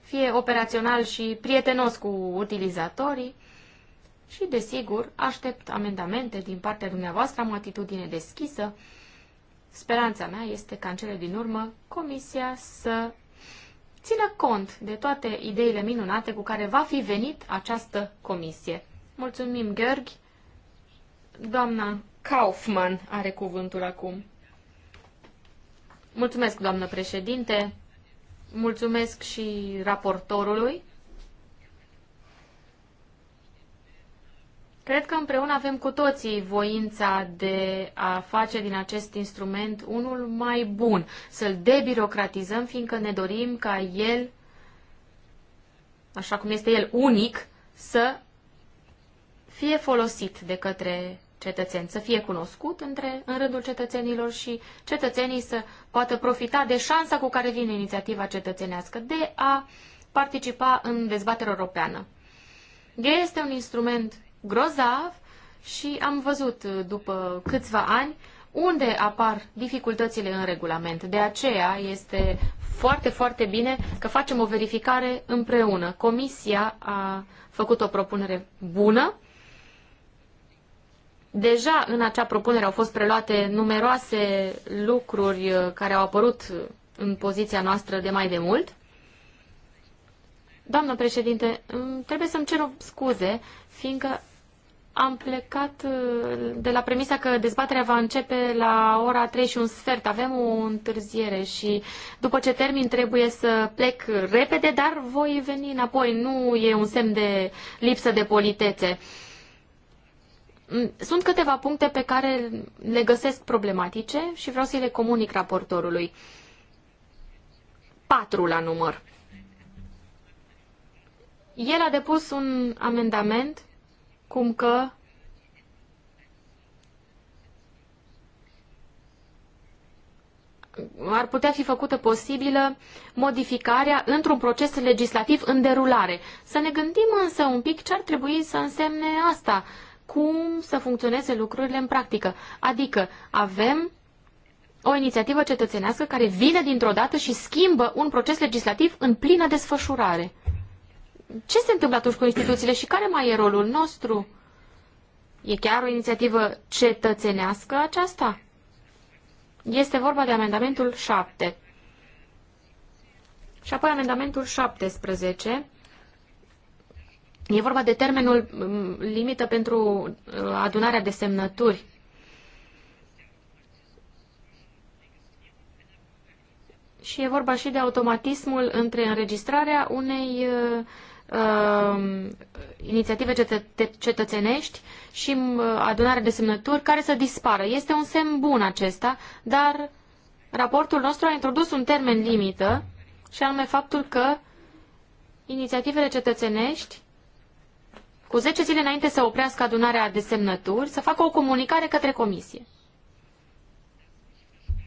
A: fie operațional și prietenos cu utilizatorii și, desigur, aștept amendamente din partea dumneavoastră, am o atitudine deschisă. Speranța mea este ca în cele din urmă Comisia să țină cont de toate ideile minunate cu care va fi venit această comisie. Mulțumim, Gheorghi. Doamna Kaufman are cuvântul acum. Mulțumesc, doamnă președinte. Mulțumesc și raportorului Cred că împreună avem cu toții voința de a face din acest instrument unul mai bun, să-l debirocratizăm, fiindcă ne dorim ca el, așa cum este el unic, să fie folosit de către cetățeni, să fie cunoscut între, în rândul cetățenilor și cetățenii să poată profita de șansa cu care vine inițiativa cetățenească de a participa în dezbaterea europeană. Este un instrument grozav și am văzut uh, după câțiva ani unde apar dificultățile în regulament. De aceea este foarte, foarte bine că facem o verificare împreună. Comisia a făcut o propunere bună. Deja în acea propunere au fost preluate numeroase lucruri uh, care au apărut uh, în poziția noastră de mai de mult. Doamnă președinte, trebuie să-mi cer scuze, fiindcă am plecat uh, de la premisa că dezbaterea va începe la ora 3 și un sfert. Avem o întârziere și după ce termin trebuie să plec repede, dar voi veni înapoi. Nu e un semn de lipsă de politețe. Mm, sunt câteva puncte pe care le găsesc problematice și vreau să le comunic raportorului. Patru la număr. El a depus un amendament cum că ar putea fi făcută posibilă modificarea într-un proces legislativ în derulare. Să ne gândim însă un pic ce ar trebui să însemne asta, cum să funcționeze lucrurile în practică. Adică avem o inițiativă cetățenească care vine dintr-o dată și schimbă un proces legislativ în plină desfășurare ce se întâmplă atunci cu instituțiile și care mai e rolul nostru? E chiar o inițiativă cetățenească aceasta? Este vorba de amendamentul 7. Și apoi amendamentul 17. E vorba de termenul mm, limită pentru uh, adunarea de semnături. Și e vorba și de automatismul între înregistrarea unei uh, uh, inițiative cetă- cetățenești și um, adunare de semnături care să dispară. Este un semn bun acesta, dar raportul nostru a introdus un termen limită și anume faptul că inițiativele cetățenești cu 10 zile înainte să oprească adunarea de semnături, să facă o comunicare către comisie.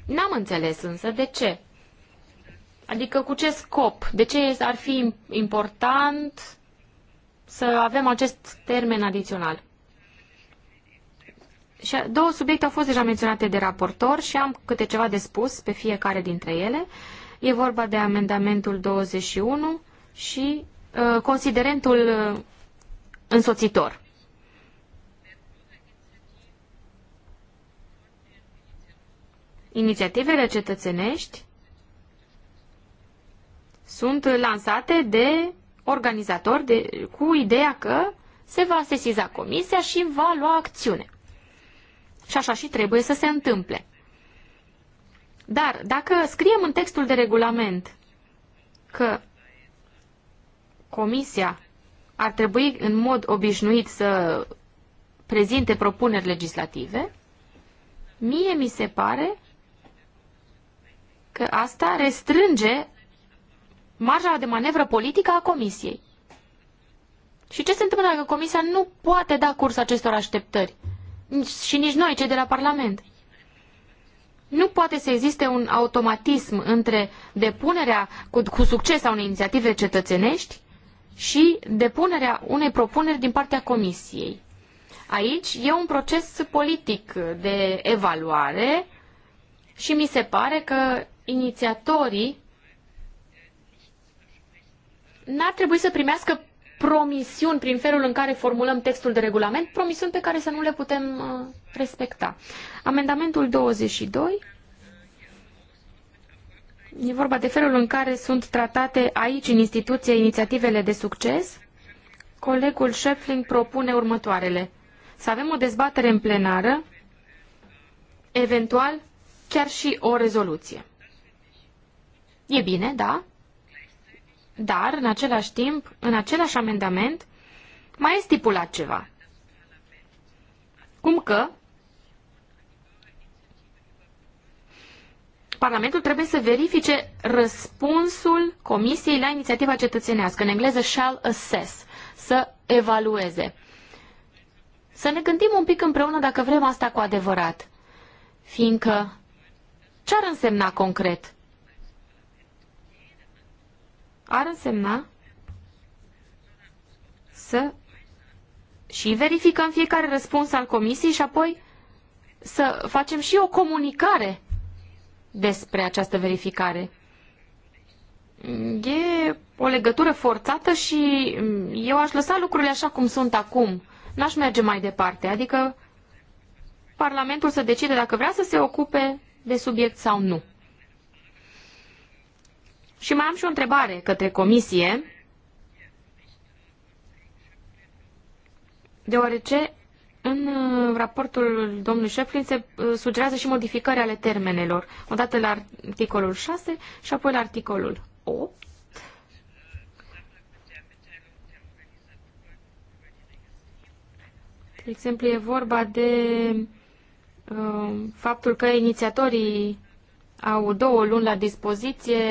A: N-am înțeles însă de ce Adică cu ce scop? De ce ar fi important să avem acest termen adițional? Și două subiecte au fost deja menționate de raportor și am câte ceva de spus pe fiecare dintre ele. E vorba de amendamentul 21 și uh, considerentul uh, însoțitor. Inițiativele cetățenești sunt lansate de organizatori de, cu ideea că se va sesiza comisia și va lua acțiune. Și așa și trebuie să se întâmple. Dar dacă scriem în textul de regulament că comisia ar trebui în mod obișnuit să prezinte propuneri legislative, mie mi se pare că asta restrânge marja de manevră politică a Comisiei. Și ce se întâmplă dacă Comisia nu poate da curs acestor așteptări? Și nici noi, cei de la Parlament. Nu poate să existe un automatism între depunerea cu, cu succes a unei inițiative cetățenești și depunerea unei propuneri din partea Comisiei. Aici e un proces politic de evaluare și mi se pare că inițiatorii n-ar trebui să primească promisiuni prin felul în care formulăm textul de regulament, promisiuni pe care să nu le putem uh, respecta. Amendamentul 22 e vorba de felul în care sunt tratate aici, în instituție, inițiativele de succes. Colegul Schöpfling propune următoarele. Să avem o dezbatere în plenară, eventual chiar și o rezoluție. E bine, da? dar, în același timp, în același amendament, mai e stipulat ceva. Cum că Parlamentul trebuie să verifice răspunsul Comisiei la inițiativa cetățenească, în engleză shall assess, să evalueze. Să ne gândim un pic împreună dacă vrem asta cu adevărat, fiindcă ce ar însemna concret? ar însemna să și verificăm fiecare răspuns al comisiei și apoi să facem și o comunicare despre această verificare. E o legătură forțată și eu aș lăsa lucrurile așa cum sunt acum. N-aș merge mai departe, adică Parlamentul să decide dacă vrea să se ocupe de subiect sau nu. Și mai am și o întrebare către comisie, deoarece în uh, raportul domnului Șeflin se uh, sugerează și modificări ale termenelor, odată la articolul 6 și apoi la articolul 8. De exemplu, e vorba de uh, faptul că inițiatorii au două luni la dispoziție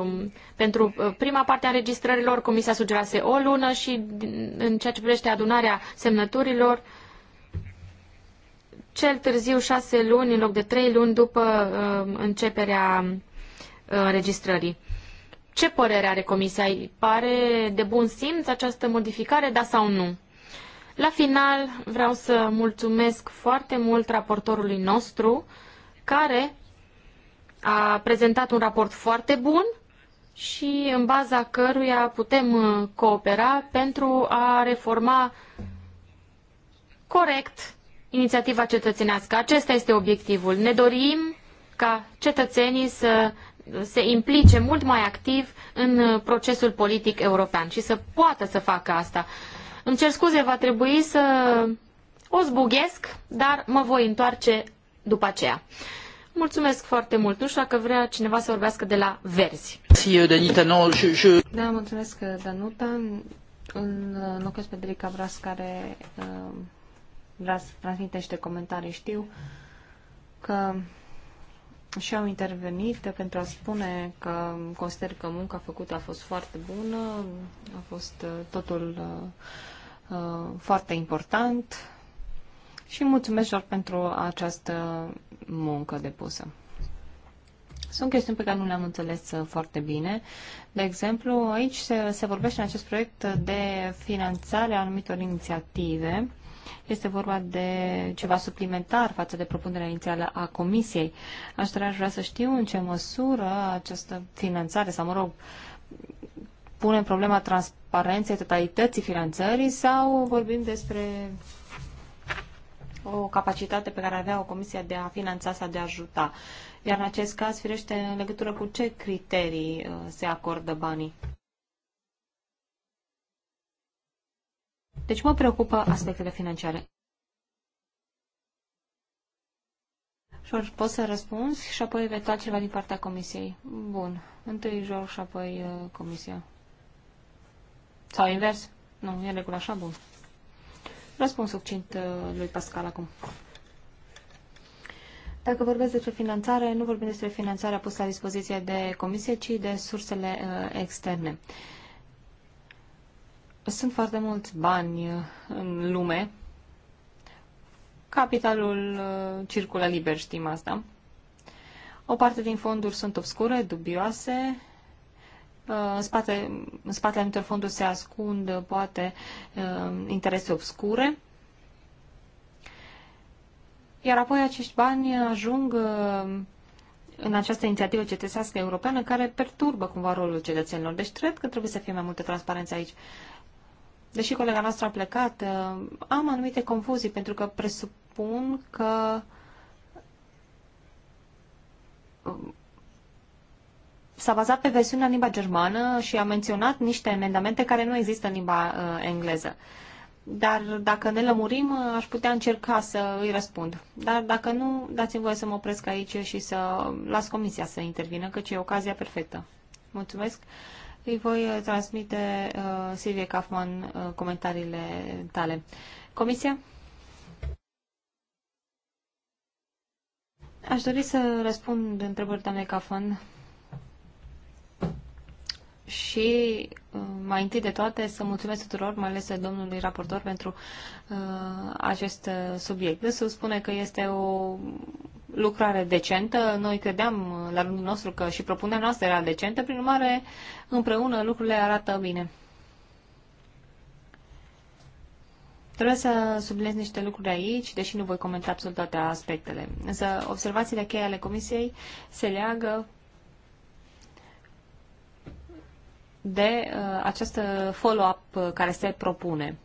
A: um, pentru uh, prima parte a registrărilor, comisia sugerase o lună și în ceea ce privește adunarea semnăturilor, cel târziu șase luni în loc de trei luni după um, începerea uh, înregistrării. Ce părere are comisia? Îi pare de bun simț această modificare, da sau nu? La final vreau să mulțumesc foarte mult raportorului nostru care a prezentat un raport foarte bun și în baza căruia putem uh, coopera pentru a reforma corect inițiativa cetățenească. Acesta este obiectivul. Ne dorim ca cetățenii să se implice mult mai activ în uh, procesul politic european și să poată să facă asta. Îmi cer scuze, va trebui să o zbughesc, dar mă voi întoarce după aceea. Mulțumesc foarte mult. Nu știu dacă vrea cineva să vorbească de la Verzi. Euh, da, mulțumesc, uh, Danuta.
C: în locul pe Drica Bras, care uh, transmite niște comentarii. Știu că și am intervenit pentru a spune că consider că munca făcută a fost foarte bună, a fost uh, totul uh, foarte important și mulțumesc doar pentru această muncă depusă. Sunt chestiuni pe care nu le-am înțeles uh, foarte bine. De exemplu, aici se, se vorbește în acest proiect de finanțare a anumitor inițiative. Este vorba de ceva suplimentar față de propunerea inițială a Comisiei. aș vrea să știu în ce măsură această finanțare, sau mă rog, punem problema transparenței totalității finanțării sau vorbim despre o capacitate pe care avea o comisie de a finanța sau de a ajuta. Iar în acest caz, firește, în legătură cu ce criterii uh, se acordă banii? Deci mă preocupă aspectele financiare. George, poți să răspunzi și apoi vei ceva din partea comisiei. Bun. Întâi George și apoi uh, comisia. Sau invers? Nu, e regulă așa, bun. Răspuns succint uh, lui Pascal acum. Dacă vorbesc despre finanțare, nu vorbim despre finanțarea pusă la dispoziție de comisie, ci de sursele uh, externe. Sunt foarte mulți bani uh, în lume. Capitalul circulă liber, știm asta. O parte din fonduri sunt obscure, dubioase, Uh, în, spate, în spatele anumitor fonduri se ascund uh, poate uh, interese obscure. Iar apoi acești bani ajung în această inițiativă cetățească europeană care perturbă cumva rolul cetățenilor. Deci cred că trebuie să fie mai multă transparență aici. Deși colega noastră a plecat, am anumite confuzii pentru că presupun că s-a bazat pe versiunea în limba germană și a menționat niște amendamente care nu există în limba uh, engleză. Dar dacă ne lămurim, uh, aș putea încerca să îi răspund. Dar dacă nu, dați-mi voie să mă opresc aici și să las comisia să intervină, căci e ocazia perfectă. Mulțumesc. Îi voi uh, transmite uh, Silvie Kaufman uh, comentariile tale. Comisia? Aș dori să răspund întrebări, doamne Kaufman și uh, mai întâi de toate să mulțumesc tuturor, mai ales domnului raportor, pentru uh, acest uh, subiect. să spune că este o lucrare decentă. Noi credeam uh, la rândul nostru că și propunerea noastră era decentă, prin urmare, împreună lucrurile arată bine. Trebuie să subliniez niște lucruri aici, deși nu voi comenta absolut toate aspectele. Însă observațiile cheie ale Comisiei se leagă de uh, acest follow-up uh, care se propune.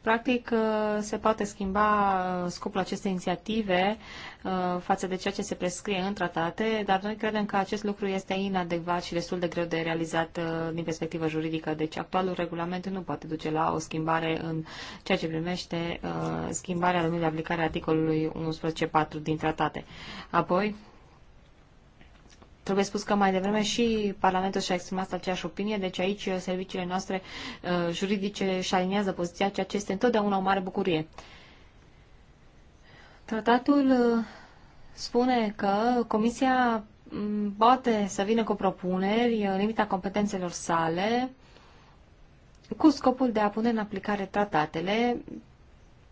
C: Practic, uh, se poate schimba uh, scopul acestei inițiative față de ceea ce se prescrie în tratate, dar noi credem că acest lucru este inadecvat și destul de greu de realizat din perspectivă juridică. Deci, actualul regulament nu poate duce la o schimbare în ceea ce primește schimbarea domeniului de aplicare a articolului 11.4 din tratate. Apoi, Trebuie spus că mai devreme și Parlamentul și-a exprimat aceeași opinie, deci aici uh, serviciile noastre uh, juridice și aliniază poziția, ceea ce este întotdeauna o mare bucurie. Tratatul uh, spune că Comisia um, poate să vină cu propuneri în limita competențelor sale cu scopul de a pune în aplicare tratatele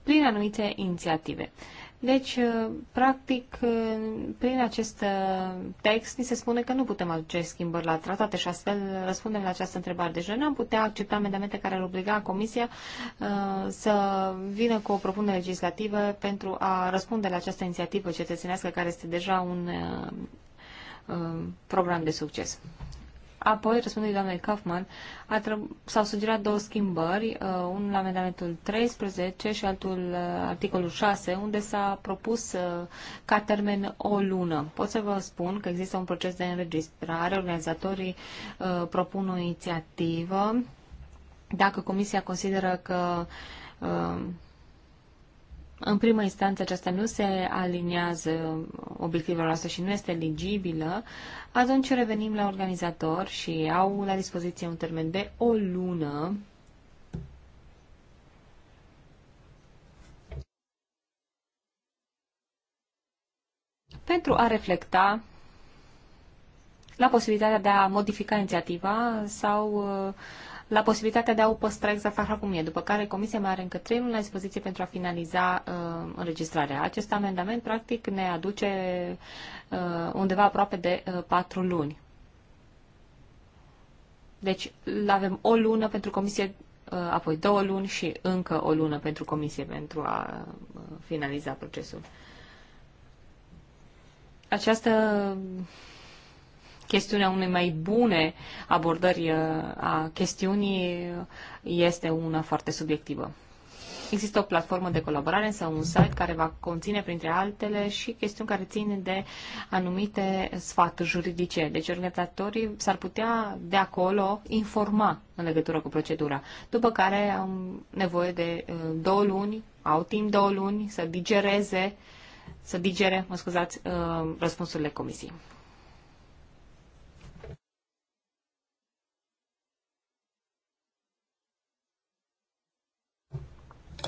C: prin anumite inițiative. Uh, deci, uh, practic, uh, prin acest uh, text ni se spune că nu putem aduce schimbări la tratate și deci astfel răspundem la această întrebare. Deci, noi nu am putea accepta amendamente care ar obliga Comisia să vină cu o propunere legislativă pentru a răspunde la această inițiativă cetățenească care este deja un program de succes. Apoi, răspunderii doamnei Kaufman, s-au sugerat două schimbări, uh, unul la amendamentul 13 și altul uh, articolul 6, unde s-a propus uh, ca termen o lună. Pot să vă spun că există un proces de înregistrare, organizatorii uh, propun o inițiativă. Dacă comisia consideră că uh, în primă instanță aceasta nu se aliniază obiectivelor noastre și nu este eligibilă, atunci revenim la organizator și au la dispoziție un termen de o lună pentru a reflecta la posibilitatea de a modifica inițiativa sau uh, la posibilitatea de a o păstra exact așa cum e, după care Comisia mai are încă trei luni la dispoziție pentru a finaliza uh, înregistrarea. Acest amendament, practic, ne aduce uh, undeva aproape de uh, patru luni. Deci avem o lună pentru Comisie, uh, apoi două luni și încă o lună pentru Comisie pentru a uh, finaliza procesul. Această chestiunea unei mai bune abordări uh, a chestiunii este una foarte subiectivă. Există o platformă de colaborare sau un site care va conține, printre altele, și chestiuni care țin de anumite sfaturi juridice. Deci organizatorii s-ar putea de acolo informa în legătură cu procedura. După care au nevoie de uh, două luni, au timp două luni să digereze, să digere, mă scuzați, uh, răspunsurile comisiei.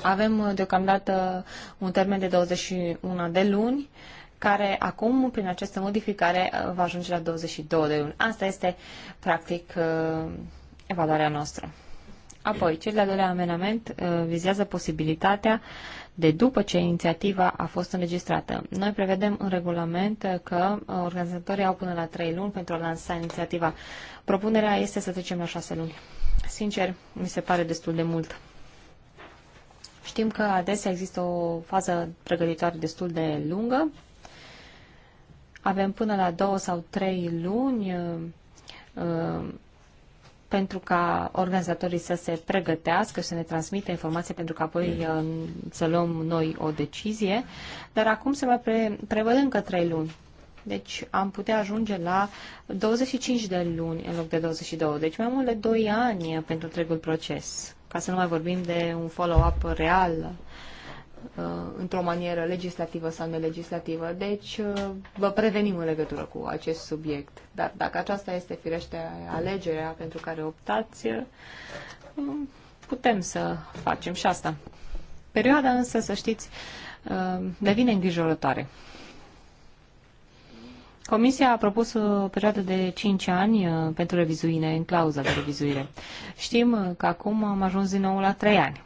C: Avem uh, deocamdată un termen de 21 de luni, care acum, prin această modificare, uh, va ajunge la 22 de luni. Asta este, practic, uh, evaluarea noastră. Apoi, cel de-al doilea amenament vizează posibilitatea de după ce inițiativa a fost înregistrată. Noi prevedem în regulament că organizatorii au până la 3 luni pentru a lansa inițiativa. Propunerea este să trecem la 6 luni. Sincer, mi se pare destul de mult. Știm că adesea există o fază pregătitoare destul de lungă. Avem până la două sau trei luni uh, uh pentru ca organizatorii să se pregătească și să ne transmită informații pentru că apoi uh, să luăm noi o decizie. Dar acum se mai pre- prevăd încă trei luni. Deci am putea ajunge la 25 de luni în loc de 22, deci mai mult de 2 ani pentru întregul proces ca să nu mai vorbim de un follow-up real uh, într-o manieră legislativă sau nelegislativă. Deci uh, vă prevenim în legătură cu acest subiect. Dar dacă aceasta este firește alegerea pentru care optați, uh, putem să facem și asta. Perioada însă, să știți, devine îngrijorătoare. Comisia a propus uh, o perioadă de 5 ani uh, pentru revizuire, în clauza de revizuire. Știm uh, că acum am ajuns din nou la 3 ani.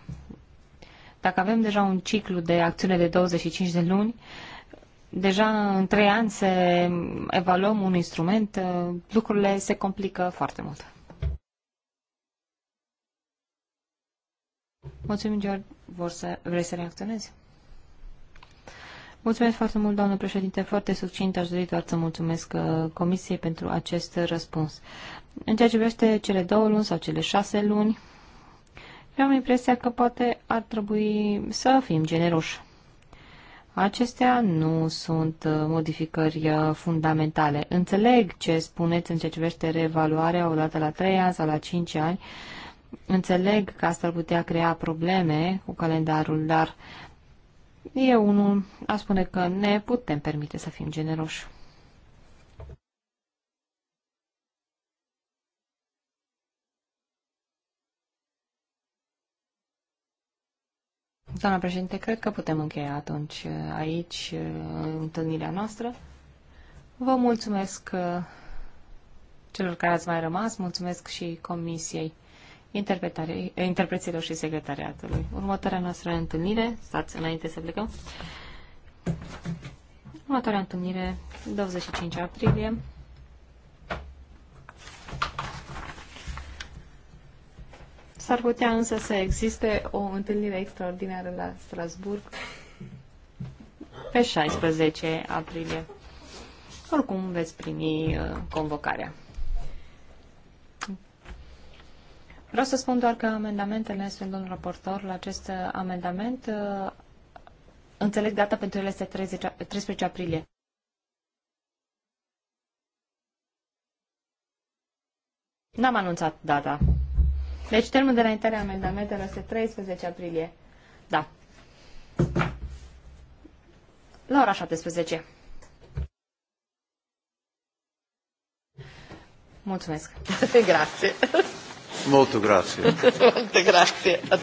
C: Dacă avem deja un ciclu de acțiune de 25 de luni, deja în 3 ani să evaluăm un instrument, lucrurile se complică foarte mult. Mulțumim, George. Vor să, vrei să reacționezi? Mulțumesc foarte mult, doamnă președinte. Foarte succint aș dori doar să mulțumesc uh, Comisiei pentru acest răspuns. În ceea ce privește cele două luni sau cele șase luni, eu am impresia că poate ar trebui să fim generoși. Acestea nu sunt uh, modificări uh, fundamentale. Înțeleg ce spuneți în ceea ce privește reevaluarea odată la 3 ani sau la 5 ani. Înțeleg că asta ar putea crea probleme cu calendarul, dar e unul a spune că ne putem permite să fim generoși. Doamna președinte, cred că putem încheia atunci aici întâlnirea noastră. Vă mulțumesc uh, celor care ați mai rămas, mulțumesc și comisiei. Eh, interpreților și secretariatului. Următoarea noastră întâlnire, stați înainte să plecăm, următoarea întâlnire, 25 aprilie, S-ar putea însă să existe o întâlnire extraordinară la Strasburg pe 16 aprilie. Oricum veți primi eh, convocarea. Vreau să spun doar că amendamentele, sunt un raportor la acest amendament, înțeleg data pentru ele este 30, 13 aprilie. N-am anunțat data. Deci termenul de înaintare a amendamentelor este 13 aprilie. Da. La ora 17.
A: Mulțumesc. Grazie.
C: Molto grazie. Molte
A: grazie.